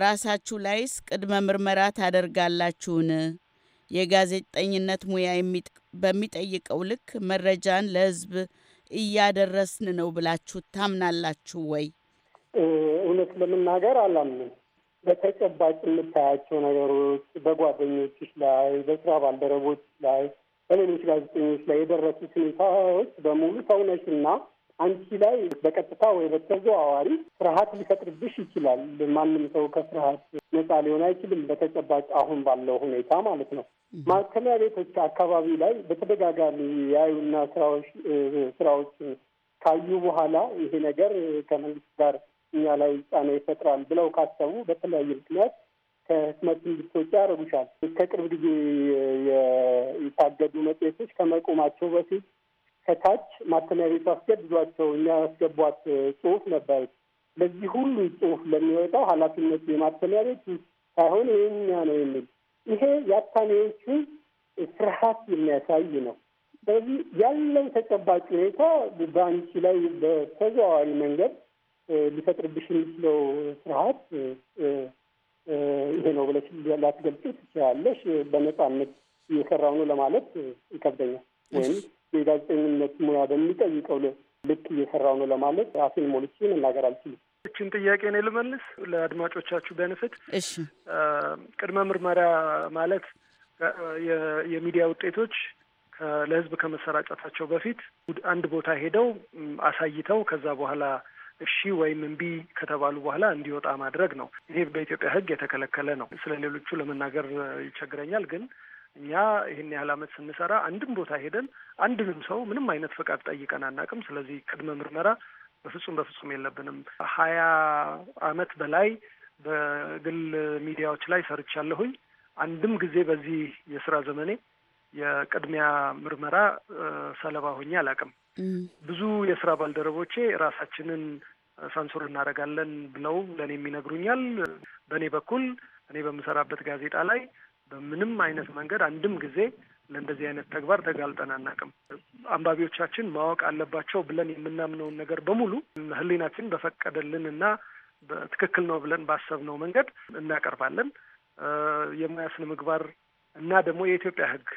ራሳችሁ ላይስ ቅድመ ምርመራ ታደርጋላችሁን? የጋዜጠኝነት ሙያ በሚጠይቀው ልክ መረጃን ለህዝብ እያደረስን ነው ብላችሁ ታምናላችሁ ወይ? እውነት ለመናገር አላምንም። በተጨባጭ የምታያቸው ነገሮች በጓደኞች ላይ፣ በስራ ባልደረቦች ላይ፣ በሌሎች ጋዜጠኞች ላይ የደረሱት ሁኔታዎች በሙሉ ሰውነሽና አንቺ ላይ በቀጥታ ወይ በተዘዋዋሪ ፍርሃት ሊፈጥርብሽ ይችላል። ማንም ሰው ከፍርሃት ነፃ ሊሆን አይችልም። በተጨባጭ አሁን ባለው ሁኔታ ማለት ነው። ማከሚያ ቤቶች አካባቢ ላይ በተደጋጋሚ ያዩና ስራዎች ስራዎች ካዩ በኋላ ይሄ ነገር ከመንግስት ጋር እኛ ላይ ጫና ይፈጥራል ብለው ካሰቡ በተለያየ ምክንያት ከህትመት እንድትወጪ ያደርጉሻል። ከቅርብ ጊዜ የታገዱ መጽሔቶች ከመቆማቸው በፊት ከታች ማተሚያ ቤቱ አስገድዷቸው የሚያስገቧት ጽሁፍ ነበር። ለዚህ ሁሉ ጽሁፍ ለሚወጣው ኃላፊነቱ የማተሚያ ቤቱ ሳይሆን የኛ ነው የሚል ይሄ የአታሚዎቹን ፍርሃት የሚያሳይ ነው። ስለዚህ ያለው ተጨባጭ ሁኔታ በአንቺ ላይ በተዘዋዋሪ መንገድ ሊፈጥርብሽ የሚችለው ፍርሃት ይሄ ነው ብለሽ ላትገልጪ ትችላለሽ። በነፃነት እየሰራው ነው ለማለት ይከብደኛል ወይም የጋዜጠኝነት ሙያ በሚጠይቀው ልክ እየሰራው ነው ለማለት ራሴን ሞልቼ መናገር አልችልም። እችን ጥያቄ ነው ልመልስ ለአድማጮቻችሁ በንፍት እሺ ቅድመ ምርመራ ማለት የሚዲያ ውጤቶች ለህዝብ ከመሰራጨታቸው በፊት አንድ ቦታ ሄደው አሳይተው ከዛ በኋላ እሺ ወይም እምቢ ከተባሉ በኋላ እንዲወጣ ማድረግ ነው። ይሄ በኢትዮጵያ ሕግ የተከለከለ ነው። ስለ ሌሎቹ ለመናገር ይቸግረኛል ግን እኛ ይህን ያህል ዓመት ስንሰራ አንድም ቦታ ሄደን አንድንም ሰው ምንም አይነት ፈቃድ ጠይቀን አናውቅም። ስለዚህ ቅድመ ምርመራ በፍጹም በፍጹም የለብንም። ሀያ አመት በላይ በግል ሚዲያዎች ላይ ሰርቻለሁኝ። አንድም ጊዜ በዚህ የስራ ዘመኔ የቅድሚያ ምርመራ ሰለባ ሆኜ አላውቅም። ብዙ የስራ ባልደረቦቼ ራሳችንን ሳንሱር እናደርጋለን ብለው ለእኔም ይነግሩኛል። በእኔ በኩል እኔ በምሰራበት ጋዜጣ ላይ በምንም አይነት መንገድ አንድም ጊዜ ለእንደዚህ አይነት ተግባር ተጋልጠን አናውቅም። አንባቢዎቻችን ማወቅ አለባቸው ብለን የምናምነውን ነገር በሙሉ ሕሊናችን በፈቀደልን እና በትክክል ነው ብለን ባሰብነው መንገድ እናቀርባለን። የሙያ ስነ ምግባር እና ደግሞ የኢትዮጵያ ሕግ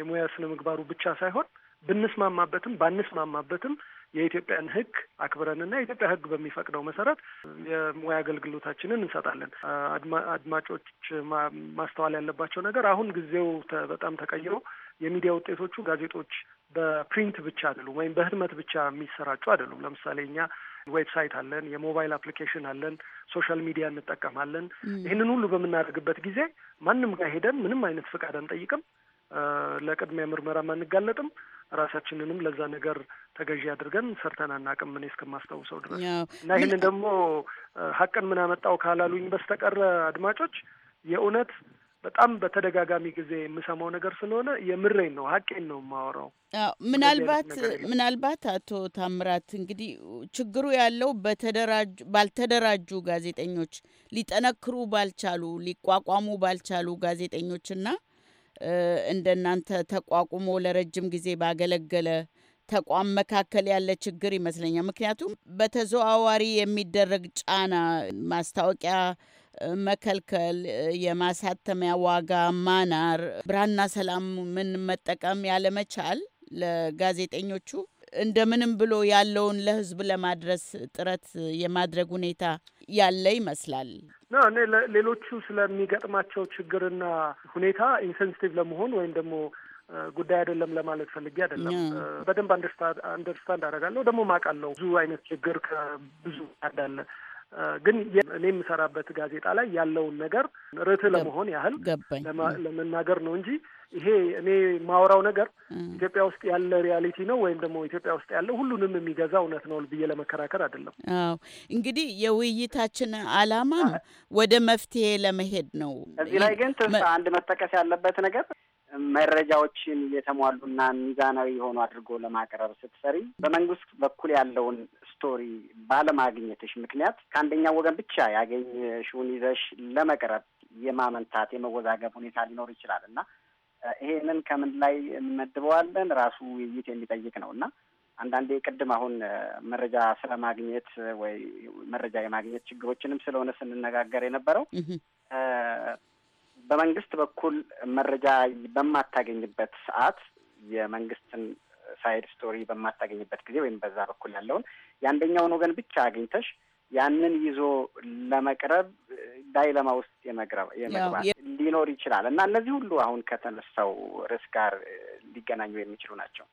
የሙያ ስነ ምግባሩ ብቻ ሳይሆን ብንስማማበትም ባንስማማበትም የኢትዮጵያን ሕግ አክብረንና የኢትዮጵያ ሕግ በሚፈቅደው መሰረት የሙያ አገልግሎታችንን እንሰጣለን። አድማጮች ማስተዋል ያለባቸው ነገር አሁን ጊዜው በጣም ተቀይሮ የሚዲያ ውጤቶቹ ጋዜጦች በፕሪንት ብቻ አይደሉም ወይም በህትመት ብቻ የሚሰራጩ አይደሉም። ለምሳሌ እኛ ዌብሳይት አለን፣ የሞባይል አፕሊኬሽን አለን፣ ሶሻል ሚዲያ እንጠቀማለን። ይህንን ሁሉ በምናደርግበት ጊዜ ማንም ጋር ሄደን ምንም አይነት ፍቃድ አንጠይቅም። ለቅድሚያ ምርመራ አንጋለጥም። ራሳችንንም ለዛ ነገር ተገዢ አድርገን ሰርተን አናውቅም፣ እኔ እስከማስታውሰው ድረስ እና ይህንን ደግሞ ሀቅን ምን አመጣው ካላሉኝ በስተቀረ አድማጮች የእውነት በጣም በተደጋጋሚ ጊዜ የምሰማው ነገር ስለሆነ የምሬን ነው፣ ሀቄን ነው የማወራው። ምናልባት ምናልባት አቶ ታምራት እንግዲህ ችግሩ ያለው በተደራጁ ባልተደራጁ ጋዜጠኞች ሊጠነክሩ ባልቻሉ ሊቋቋሙ ባልቻሉ ጋዜጠኞችና እንደናንተ ተቋቁሞ ለረጅም ጊዜ ባገለገለ ተቋም መካከል ያለ ችግር ይመስለኛል። ምክንያቱም በተዘዋዋሪ የሚደረግ ጫና፣ ማስታወቂያ መከልከል፣ የማሳተሚያ ዋጋ ማናር፣ ብርሃንና ምን መጠቀም ያለመቻል ለጋዜጠኞቹ እንደምንም ብሎ ያለውን ለህዝብ ለማድረስ ጥረት የማድረግ ሁኔታ ያለ ይመስላል። እኔ ሌሎቹ ስለሚገጥማቸው ችግርና ሁኔታ ኢንሴንሲቲቭ ለመሆን ወይም ደግሞ ጉዳይ አይደለም ለማለት ፈልጌ አይደለም። በደንብ አንደርስታንድ አደርጋለሁ፣ ደግሞ ማውቃለሁ። ብዙ አይነት ችግር ከብዙ አዳለ ግን እኔ የምሰራበት ጋዜጣ ላይ ያለውን ነገር ርትዕ ለመሆን ያህል ለመናገር ነው እንጂ ይሄ እኔ የማወራው ነገር ኢትዮጵያ ውስጥ ያለ ሪያሊቲ ነው ወይም ደግሞ ኢትዮጵያ ውስጥ ያለ ሁሉንም የሚገዛ እውነት ነው ብዬ ለመከራከር አይደለም። አዎ እንግዲህ የውይይታችን ዓላማ ወደ መፍትሄ ለመሄድ ነው። እዚህ ላይ ግን ትንሳ አንድ መጠቀስ ያለበት ነገር መረጃዎችን የተሟሉና ሚዛናዊ የሆኑ አድርጎ ለማቅረብ ስትሰሪ በመንግስት በኩል ያለውን ስቶሪ ባለማግኘትሽ ምክንያት ከአንደኛ ወገን ብቻ ያገኘሽውን ይዘሽ ለመቅረብ የማመንታት የመወዛገብ ሁኔታ ሊኖር ይችላል እና ይሄንን ከምን ላይ እንመድበዋለን ራሱ ውይይት የሚጠይቅ ነው እና አንዳንዴ ቅድም አሁን መረጃ ስለማግኘት ወይ መረጃ የማግኘት ችግሮችንም ስለሆነ ስንነጋገር የነበረው በመንግስት በኩል መረጃ በማታገኝበት ሰዓት የመንግስትን ሳይድ ስቶሪ በማታገኝበት ጊዜ ወይም በዛ በኩል ያለውን የአንደኛውን ወገን ብቻ አግኝተሽ ያንን ይዞ ለመቅረብ ዳይለማ ውስጥ የመግባት ሊኖር ይችላል እና እነዚህ ሁሉ አሁን ከተነሳው ርዕስ ጋር ሊገናኙ የሚችሉ ናቸው።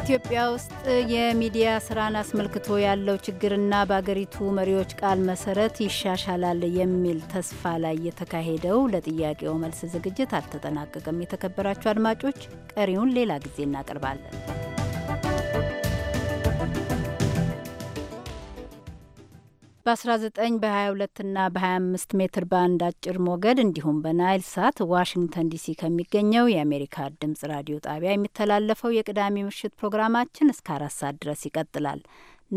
ኢትዮጵያ ውስጥ የሚዲያ ስራን አስመልክቶ ያለው ችግርና በአገሪቱ መሪዎች ቃል መሰረት ይሻሻላል የሚል ተስፋ ላይ የተካሄደው ለጥያቄው መልስ ዝግጅት አልተጠናቀቀም። የተከበራችሁ አድማጮች ቀሪውን ሌላ ጊዜ እናቀርባለን። በ19 በ22ና በ25 ሜትር ባንድ አጭር ሞገድ እንዲሁም በናይል ሳት ዋሽንግተን ዲሲ ከሚገኘው የአሜሪካ ድምጽ ራዲዮ ጣቢያ የሚተላለፈው የቅዳሜ ምሽት ፕሮግራማችን እስከ አራት ሰዓት ድረስ ይቀጥላል።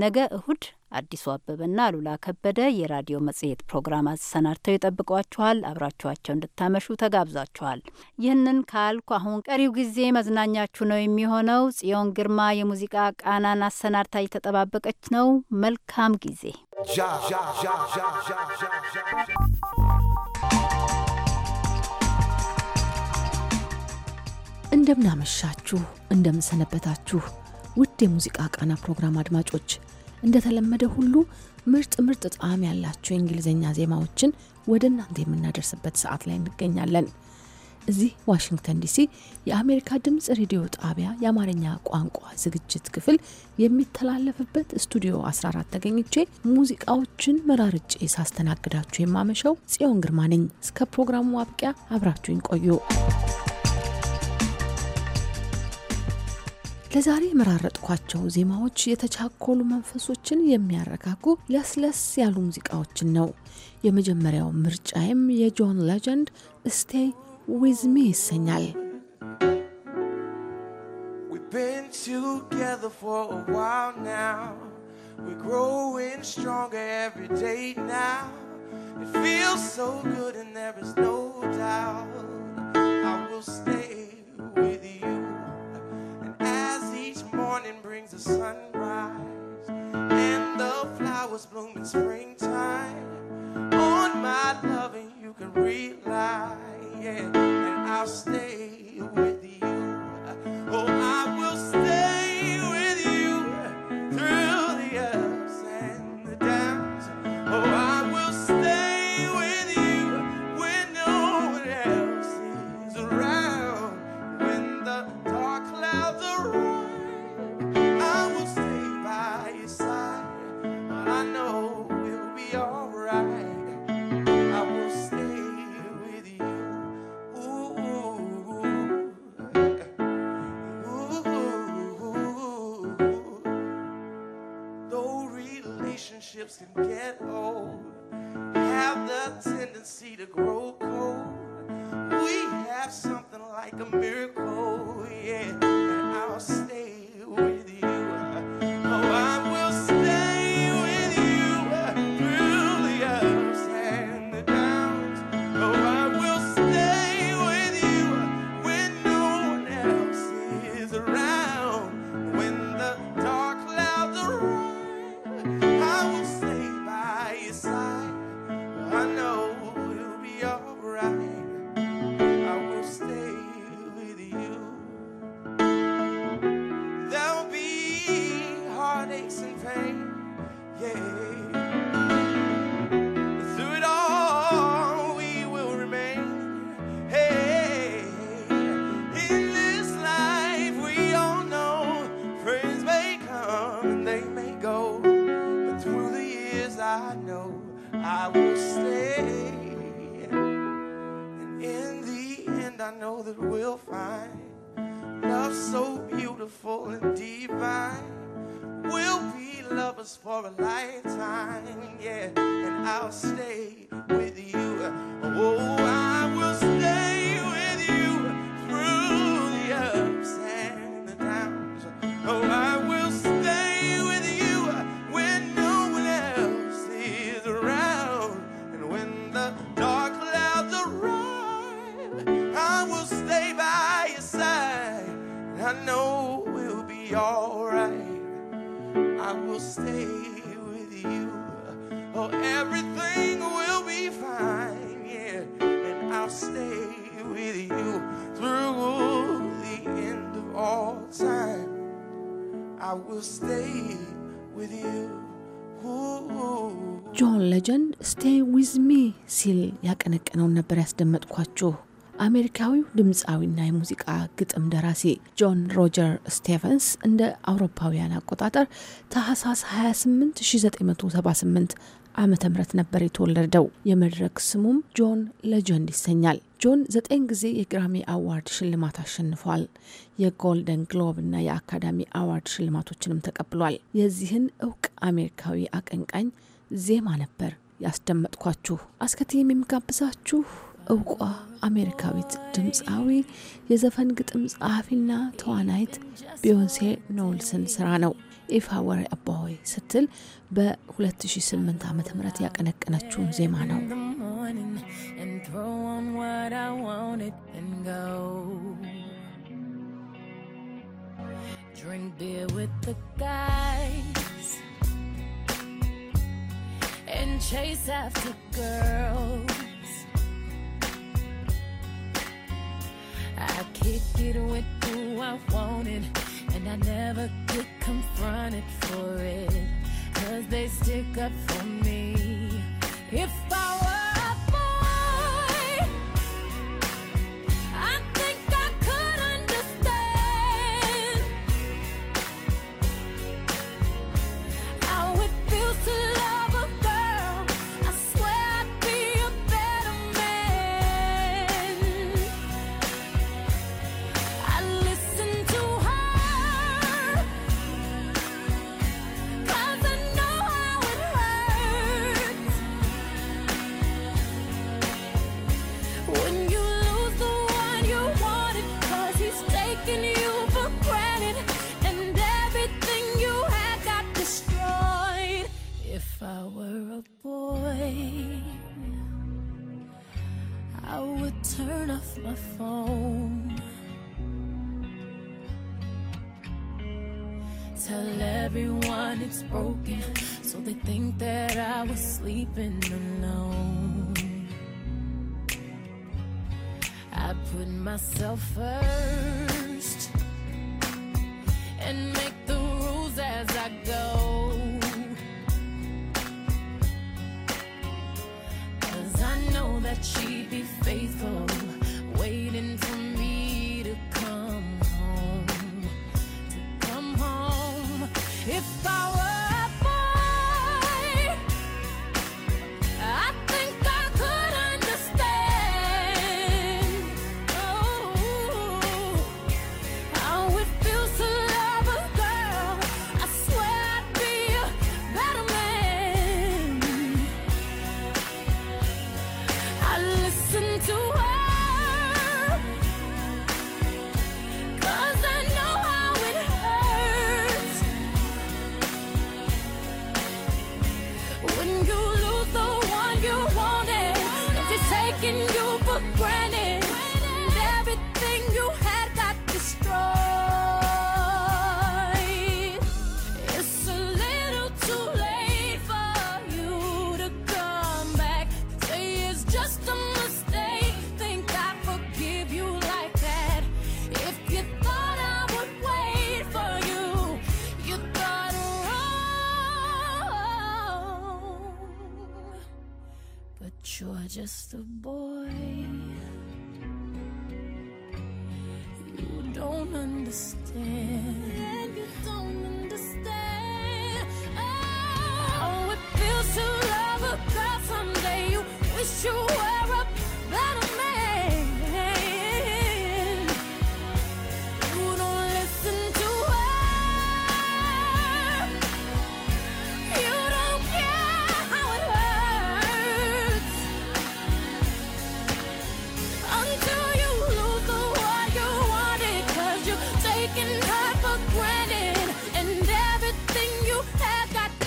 ነገ እሁድ አዲሱ አበበና አሉላ ከበደ የራዲዮ መጽሔት ፕሮግራም አሰናድተው ይጠብቋችኋል። አብራችኋቸው እንድታመሹ ተጋብዛችኋል። ይህንን ካልኩ አሁን ቀሪው ጊዜ መዝናኛችሁ ነው የሚሆነው። ጽዮን ግርማ የሙዚቃ ቃናን አሰናድታ እየተጠባበቀች ነው። መልካም ጊዜ። እንደምናመሻችሁ፣ እንደምንሰነበታችሁ ውድ የሙዚቃ ቃና ፕሮግራም አድማጮች እንደተለመደ ሁሉ ምርጥ ምርጥ ጣዕም ያላቸው የእንግሊዝኛ ዜማዎችን ወደ እናንተ የምናደርስበት ሰዓት ላይ እንገኛለን። እዚህ ዋሽንግተን ዲሲ የአሜሪካ ድምፅ ሬዲዮ ጣቢያ የአማርኛ ቋንቋ ዝግጅት ክፍል የሚተላለፍበት ስቱዲዮ 14 ተገኝቼ ሙዚቃዎችን መራርጬ ሳስተናግዳችሁ የማመሸው ጽዮን ግርማ ነኝ። እስከ ፕሮግራሙ ማብቂያ አብራችሁኝ ቆዩ። ለዛሬ የመራረጥኳቸው ዜማዎች የተቻኮሉ መንፈሶችን የሚያረጋጉ ለስለስ ያሉ ሙዚቃዎችን ነው። የመጀመሪያው ምርጫዬም የጆን ሌጀንድ ስቴይ ዊዝሚ ይሰኛል። We're growing stronger every day feels so good, and there is no doubt I will stay. morning brings the sunrise and the flowers bloom in springtime. On my loving, you can rely, yeah, and I'll stay with. can get old, have the tendency to grow cold. We have something like a miracle. and pain. Yeah. ነበር ያስደመጥኳችሁ። አሜሪካዊው ድምፃዊና የሙዚቃ ግጥም ደራሲ ጆን ሮጀር ስቴቨንስ እንደ አውሮፓውያን አቆጣጠር ታህሳስ 28 1978 ዓመተ ምህረት ነበር የተወለደው። የመድረክ ስሙም ጆን ሌጀንድ ይሰኛል። ጆን ዘጠኝ ጊዜ የግራሚ አዋርድ ሽልማት አሸንፏል። የጎልደን ግሎብ እና የአካዳሚ አዋርድ ሽልማቶችንም ተቀብሏል። የዚህን እውቅ አሜሪካዊ አቀንቃኝ ዜማ ነበር ያስደመጥኳችሁ። አስከትዬም የሚጋብዛችሁ እውቋ አሜሪካዊት ድምፃዊ የዘፈን ግጥም ጸሐፊና ተዋናይት ቢዮንሴ ኖልስን ስራ ነው። ኢፍ አይ ስትል በ2008 ዓ ም ያቀነቀነችውን ዜማ ነው። Drink beer with the guys and chase after girls. I kick it with who I wanted, and I never get confronted for it. Cause they stick up for me. If I boy, I would turn off my phone. Tell everyone it's broken, so they think that I was sleeping alone. I put myself first and make the rules as I go. that she'd be faithful.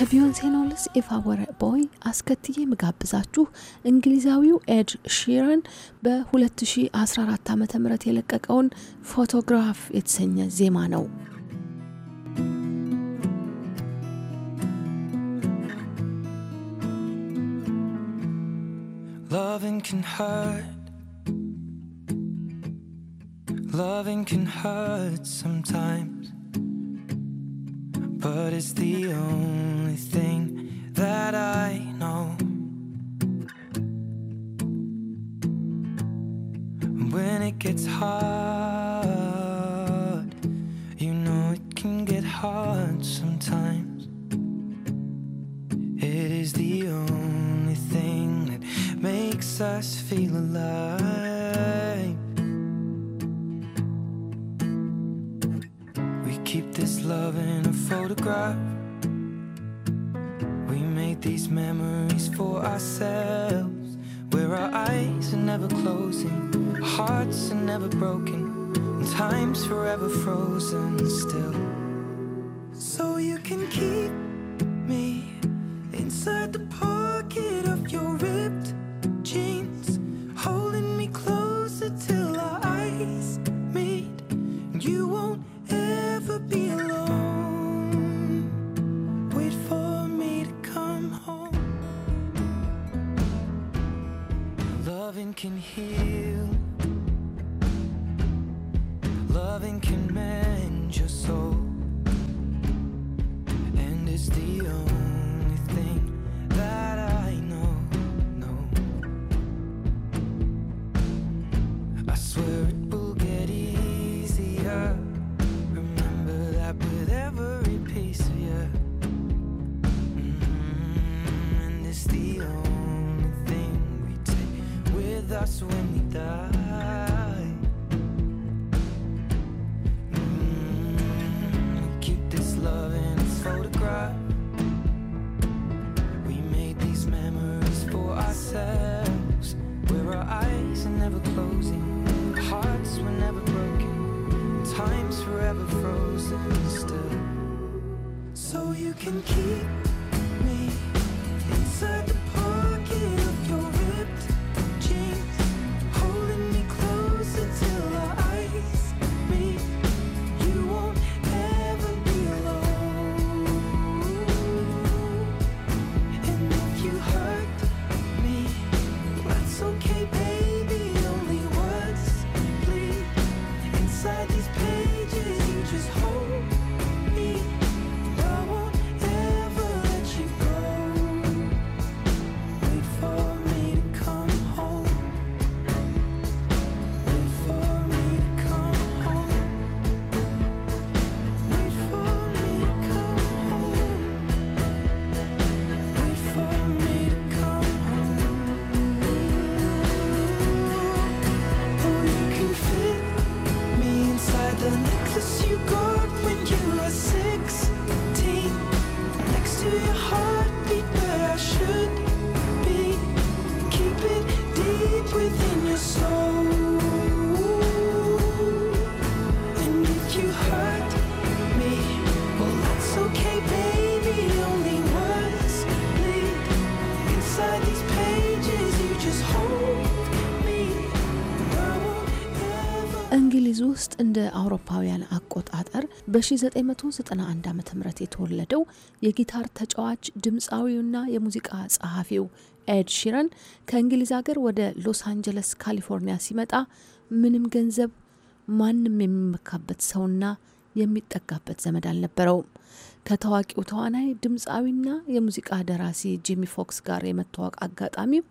ከቢዮንሴ ነው ልስ ኢፍ አይ ወር ቦይ አስከትዬ ምጋብዛችሁ እንግሊዛዊው ኤድ ሺረን በ2014 ዓ ም የለቀቀውን ፎቶግራፍ የተሰኘ ዜማ ነው። Loving can hurt. Loving can hurt sometimes. but it's the only thing that I know. When it gets hard, you know it can get hard sometimes. It is the only thing that makes us feel alive. Keep this love in a photograph. We made these memories for ourselves. Where our eyes are never closing, hearts are never broken, and time's forever frozen still. So you can keep me inside the pocket of your. Loving can heal. Loving can mend your soul. And it's the only እንደ አውሮፓውያን አቆጣጠር በ1991 ዓ ም የተወለደው የጊታር ተጫዋች ድምፃዊውና የሙዚቃ ጸሐፊው ኤድ ሺረን ከእንግሊዝ ሀገር ወደ ሎስ አንጀለስ ካሊፎርኒያ ሲመጣ ምንም ገንዘብ፣ ማንም የሚመካበት ሰውና የሚጠጋበት ዘመድ አልነበረውም። ከታዋቂው ተዋናይ ድምፃዊና የሙዚቃ ደራሲ ጂሚ ፎክስ ጋር የመተዋወቅ አጋጣሚው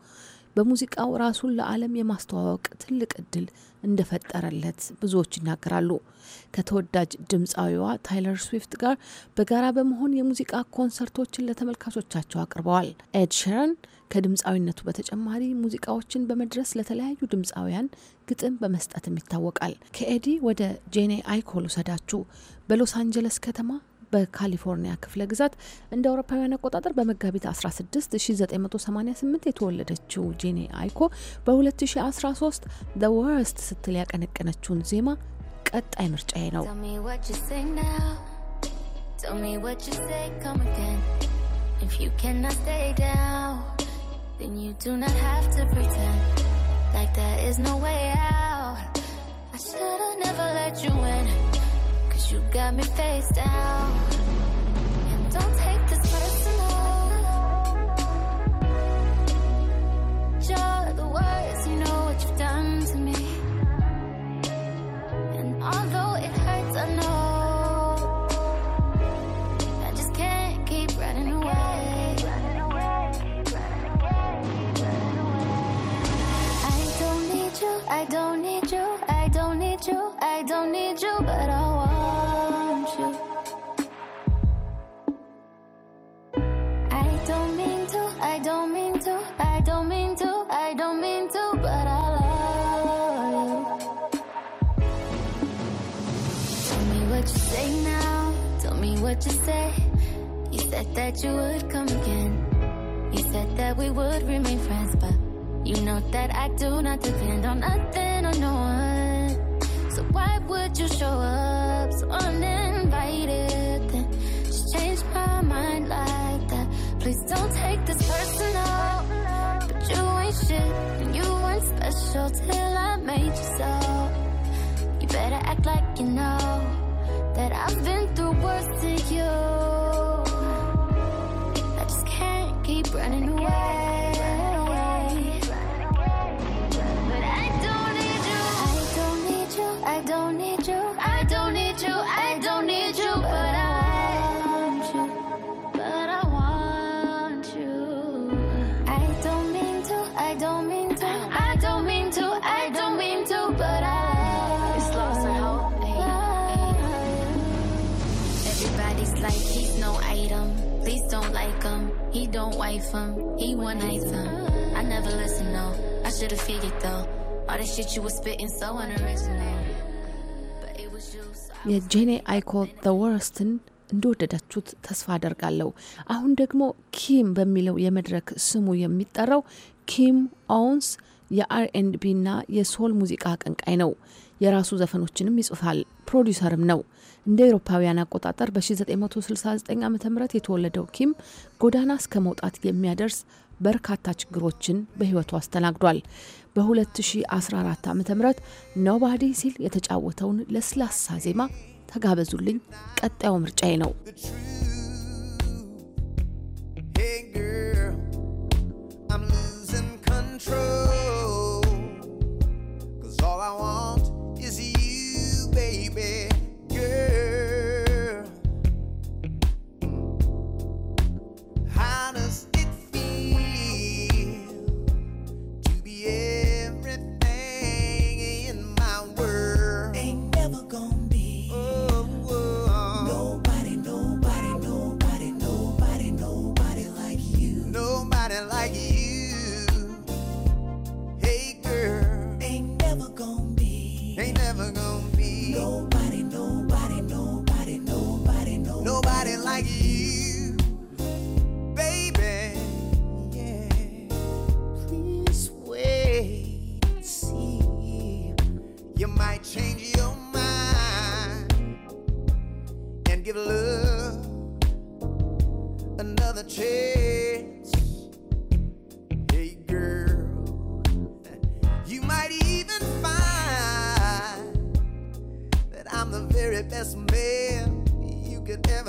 በሙዚቃው ራሱን ለዓለም የማስተዋወቅ ትልቅ እድል እንደፈጠረለት ብዙዎች ይናገራሉ። ከተወዳጅ ድምፃዊዋ ታይለር ስዊፍት ጋር በጋራ በመሆን የሙዚቃ ኮንሰርቶችን ለተመልካቾቻቸው አቅርበዋል። ኤድ ሸረን ከድምፃዊነቱ በተጨማሪ ሙዚቃዎችን በመድረስ ለተለያዩ ድምፃውያን ግጥም በመስጠትም ይታወቃል። ከኤዲ ወደ ጄኔ አይኮል ውሰዳችሁ በሎስ አንጀለስ ከተማ በካሊፎርኒያ ክፍለ ግዛት እንደ አውሮፓውያን አቆጣጠር በመጋቢት 16 1988 የተወለደችው ጄኒ አይኮ በ2013 ዘ ወርስት ስትል ያቀነቀነችውን ዜማ ቀጣይ ምርጫዬ ነው። Tell me what you say, come again. If you cannot stay down, then you do not have to pretend like there is no way out. I should've never let you in. you got me face down And don't take this personal You're the worst, you know what you've done to me And although it hurts, I know I just can't keep running away I don't need you, I don't need you, I don't need you, I don't need you what you said. You said that you would come again. You said that we would remain friends, but you know that I do not depend on nothing or no one. So why would you show up so uninvited? Then just change my mind like that. Please don't take this personal. But you ain't shit, and you weren't special till I made you so. You better act like you know that I've been through worse to you. I just can't keep running away. don't wife him, he one night him. I never listen, no. I should have figured though. All the shit you was spitting so unoriginal. የጄኔ አይኮ ዘ ወርስትን እንደወደዳችሁት ተስፋ አደርጋለሁ። አሁን ደግሞ ኪም በሚለው የመድረክ ስሙ የሚጠራው ኪም ኦውንስ የአርኤንቢ እና የሶል ሙዚቃ አቀንቃይ ነው። የራሱ ዘፈኖችንም ይጽፋል፣ ፕሮዲውሰርም ነው። እንደ አውሮፓውያን አቆጣጠር በ1969 ዓ ም የተወለደው ኪም ጎዳና እስከ መውጣት የሚያደርስ በርካታ ችግሮችን በህይወቱ አስተናግዷል። በ2014 ዓ ም ኖባዲ ሲል የተጫወተውን ለስላሳ ዜማ ተጋበዙልኝ። ቀጣዩ ምርጫዬ ነው። True.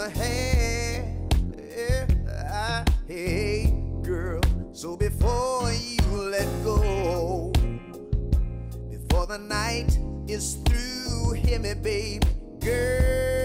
Hey, had. Yeah, I hate, girl. So before you let go, before the night is through, hear me, baby, girl.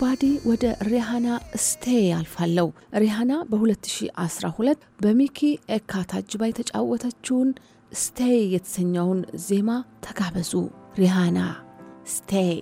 ባዲ ወደ ሪሃና ስቴ ያልፋለው። ሪሃና በ2012 በሚኪ ኤካ ታጅባ የተጫወተችውን ስቴይ የተሰኘውን ዜማ ተጋበዙ። ሪሃና ስቴይ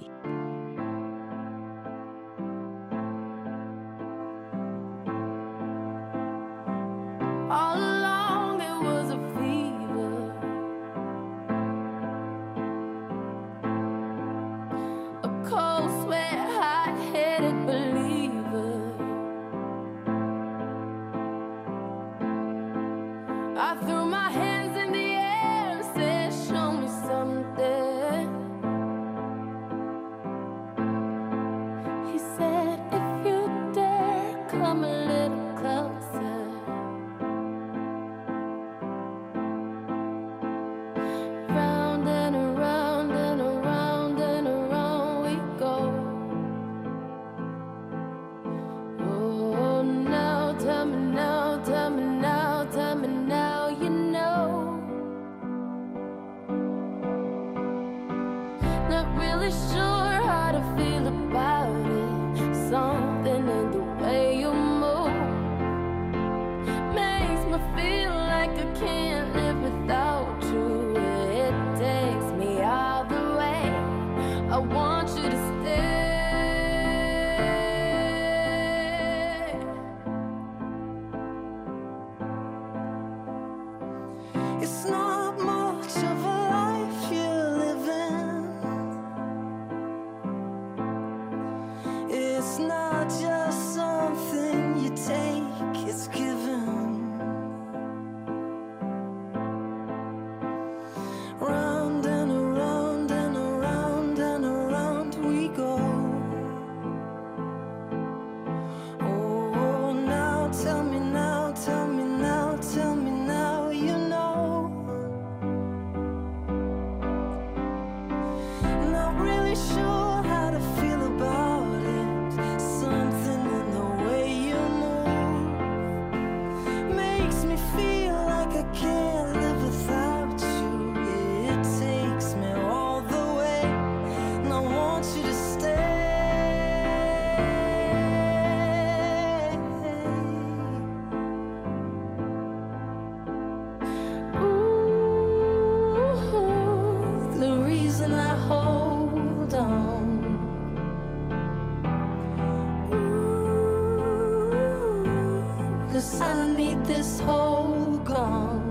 Cause I need this hole gone.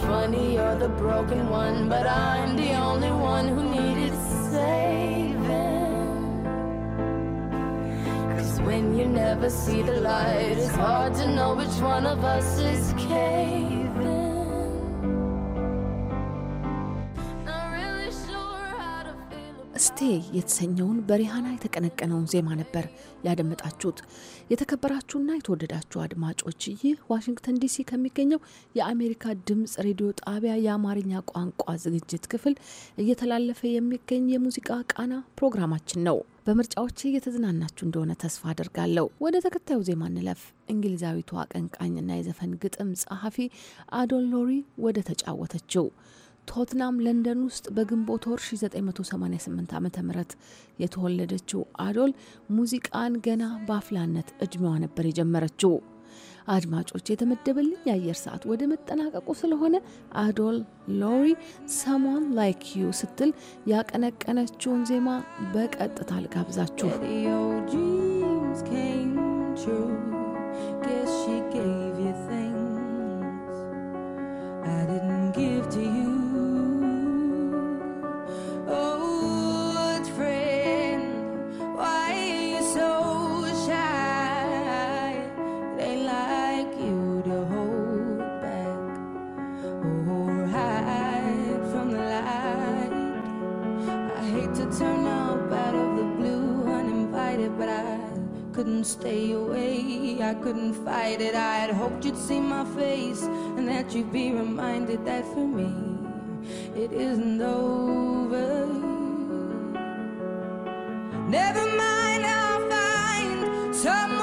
Funny, you're the broken one, but I'm the only one who needed saving. Cause when you never see the light, it's hard to know which one of us is caving. መፍትሄ የተሰኘውን በሪሃና የተቀነቀነውን ዜማ ነበር ያደመጣችሁት። የተከበራችሁና የተወደዳችሁ አድማጮች ይህ ዋሽንግተን ዲሲ ከሚገኘው የአሜሪካ ድምፅ ሬዲዮ ጣቢያ የአማርኛ ቋንቋ ዝግጅት ክፍል እየተላለፈ የሚገኝ የሙዚቃ ቃና ፕሮግራማችን ነው። በምርጫዎች እየተዝናናችሁ እንደሆነ ተስፋ አድርጋለሁ። ወደ ተከታዩ ዜማ እንለፍ። እንግሊዛዊቷ አቀንቃኝና የዘፈን ግጥም ጸሐፊ አዶል ሎሪ ወደ ተጫወተችው ቶትናም ለንደን ውስጥ በግንቦት ወር 1988 ዓ ም የተወለደችው አዶል ሙዚቃን ገና በአፍላነት እድሜዋ ነበር የጀመረችው። አድማጮች፣ የተመደበልኝ የአየር ሰዓት ወደ መጠናቀቁ ስለሆነ አዶል ሎሪ ሰሞን ላይክ ዩ ስትል ያቀነቀነችውን ዜማ በቀጥታ ልጋብዛችሁ። couldn't stay away, I couldn't fight it. I had hoped you'd see my face and that you'd be reminded that for me it isn't over. Never mind, I'll find some.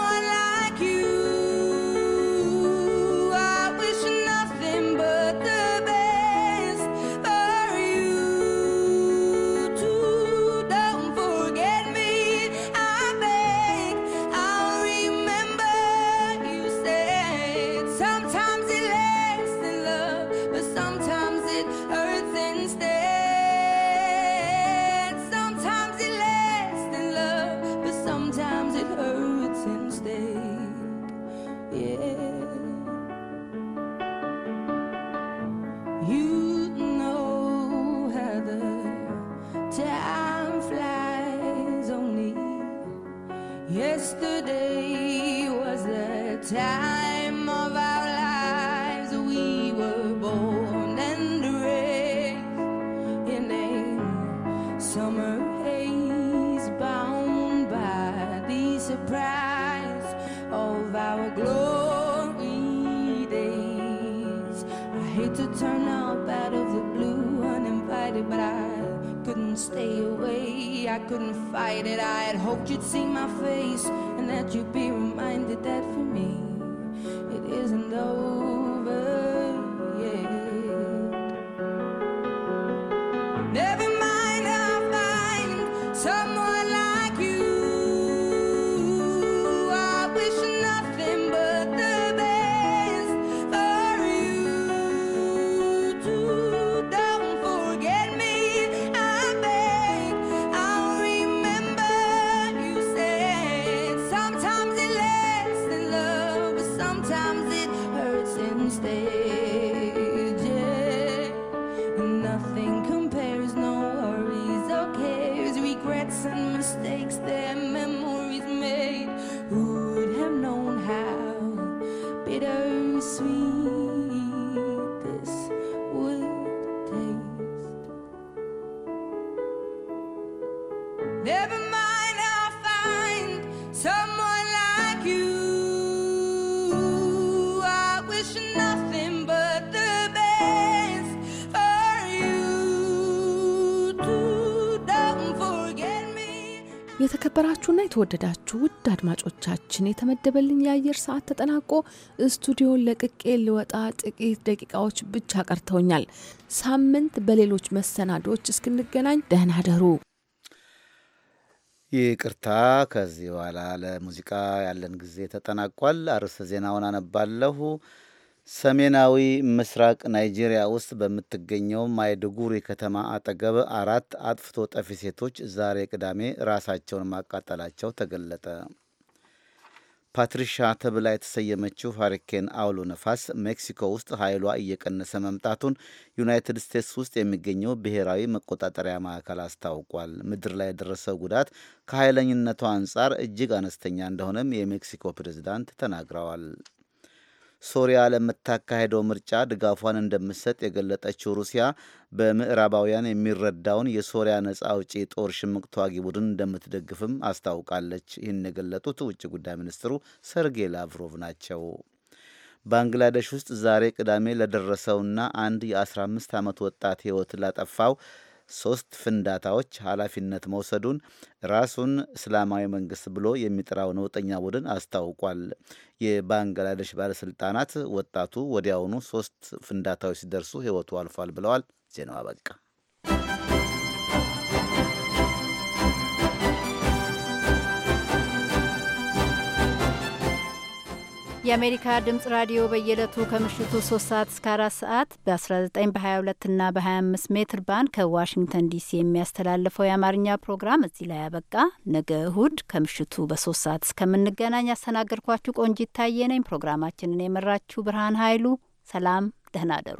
couldn't fight it. I had hoped you'd see my face and that you'd be reminded that for me, it isn't over. የተከበራችሁና የተወደዳችሁ ውድ አድማጮቻችን የተመደበልኝ የአየር ሰዓት ተጠናቆ ስቱዲዮን ለቅቄ ልወጣ ጥቂት ደቂቃዎች ብቻ ቀርተውኛል። ሳምንት በሌሎች መሰናዶዎች እስክንገናኝ ደህና ደሩ። ይቅርታ፣ ከዚህ በኋላ ለሙዚቃ ያለን ጊዜ ተጠናቋል። አርዕስተ ዜናውን አነባለሁ። ሰሜናዊ ምስራቅ ናይጄሪያ ውስጥ በምትገኘው ማይድጉሪ ከተማ አጠገብ አራት አጥፍቶ ጠፊ ሴቶች ዛሬ ቅዳሜ ራሳቸውን ማቃጠላቸው ተገለጠ። ፓትሪሻ ተብላ የተሰየመችው ሃሪኬን አውሎ ነፋስ ሜክሲኮ ውስጥ ኃይሏ እየቀነሰ መምጣቱን ዩናይትድ ስቴትስ ውስጥ የሚገኘው ብሔራዊ መቆጣጠሪያ ማዕከል አስታውቋል። ምድር ላይ የደረሰው ጉዳት ከኃይለኝነቷ አንጻር እጅግ አነስተኛ እንደሆነም የሜክሲኮ ፕሬዝዳንት ተናግረዋል። ሶሪያ ለምታካሄደው ምርጫ ድጋፏን እንደምትሰጥ የገለጠችው ሩሲያ በምዕራባውያን የሚረዳውን የሶሪያ ነጻ አውጪ ጦር ሽምቅ ተዋጊ ቡድን እንደምትደግፍም አስታውቃለች። ይህን የገለጡት ውጭ ጉዳይ ሚኒስትሩ ሰርጌይ ላቭሮቭ ናቸው። ባንግላዴሽ ውስጥ ዛሬ ቅዳሜ ለደረሰውና አንድ የ15 ዓመት ወጣት ሕይወት ላጠፋው ሶስት ፍንዳታዎች ኃላፊነት መውሰዱን ራሱን እስላማዊ መንግስት ብሎ የሚጠራው ነውጠኛ ቡድን አስታውቋል። የባንግላዴሽ ባለስልጣናት ወጣቱ ወዲያውኑ ሶስት ፍንዳታዎች ሲደርሱ ሕይወቱ አልፏል ብለዋል። ዜናው አበቃ። የአሜሪካ ድምጽ ራዲዮ በየዕለቱ ከምሽቱ 3 ሰዓት እስከ 4 ሰዓት በ19 በ22 እና በ25 ሜትር ባንድ ከዋሽንግተን ዲሲ የሚያስተላልፈው የአማርኛ ፕሮግራም እዚህ ላይ ያበቃ። ነገ እሁድ ከምሽቱ በ3 ሰዓት እስከምንገናኝ ያስተናገድኳችሁ ቆንጂት ታየ ነኝ። ፕሮግራማችንን የመራችሁ ብርሃን ኃይሉ። ሰላም፣ ደህና ደሩ።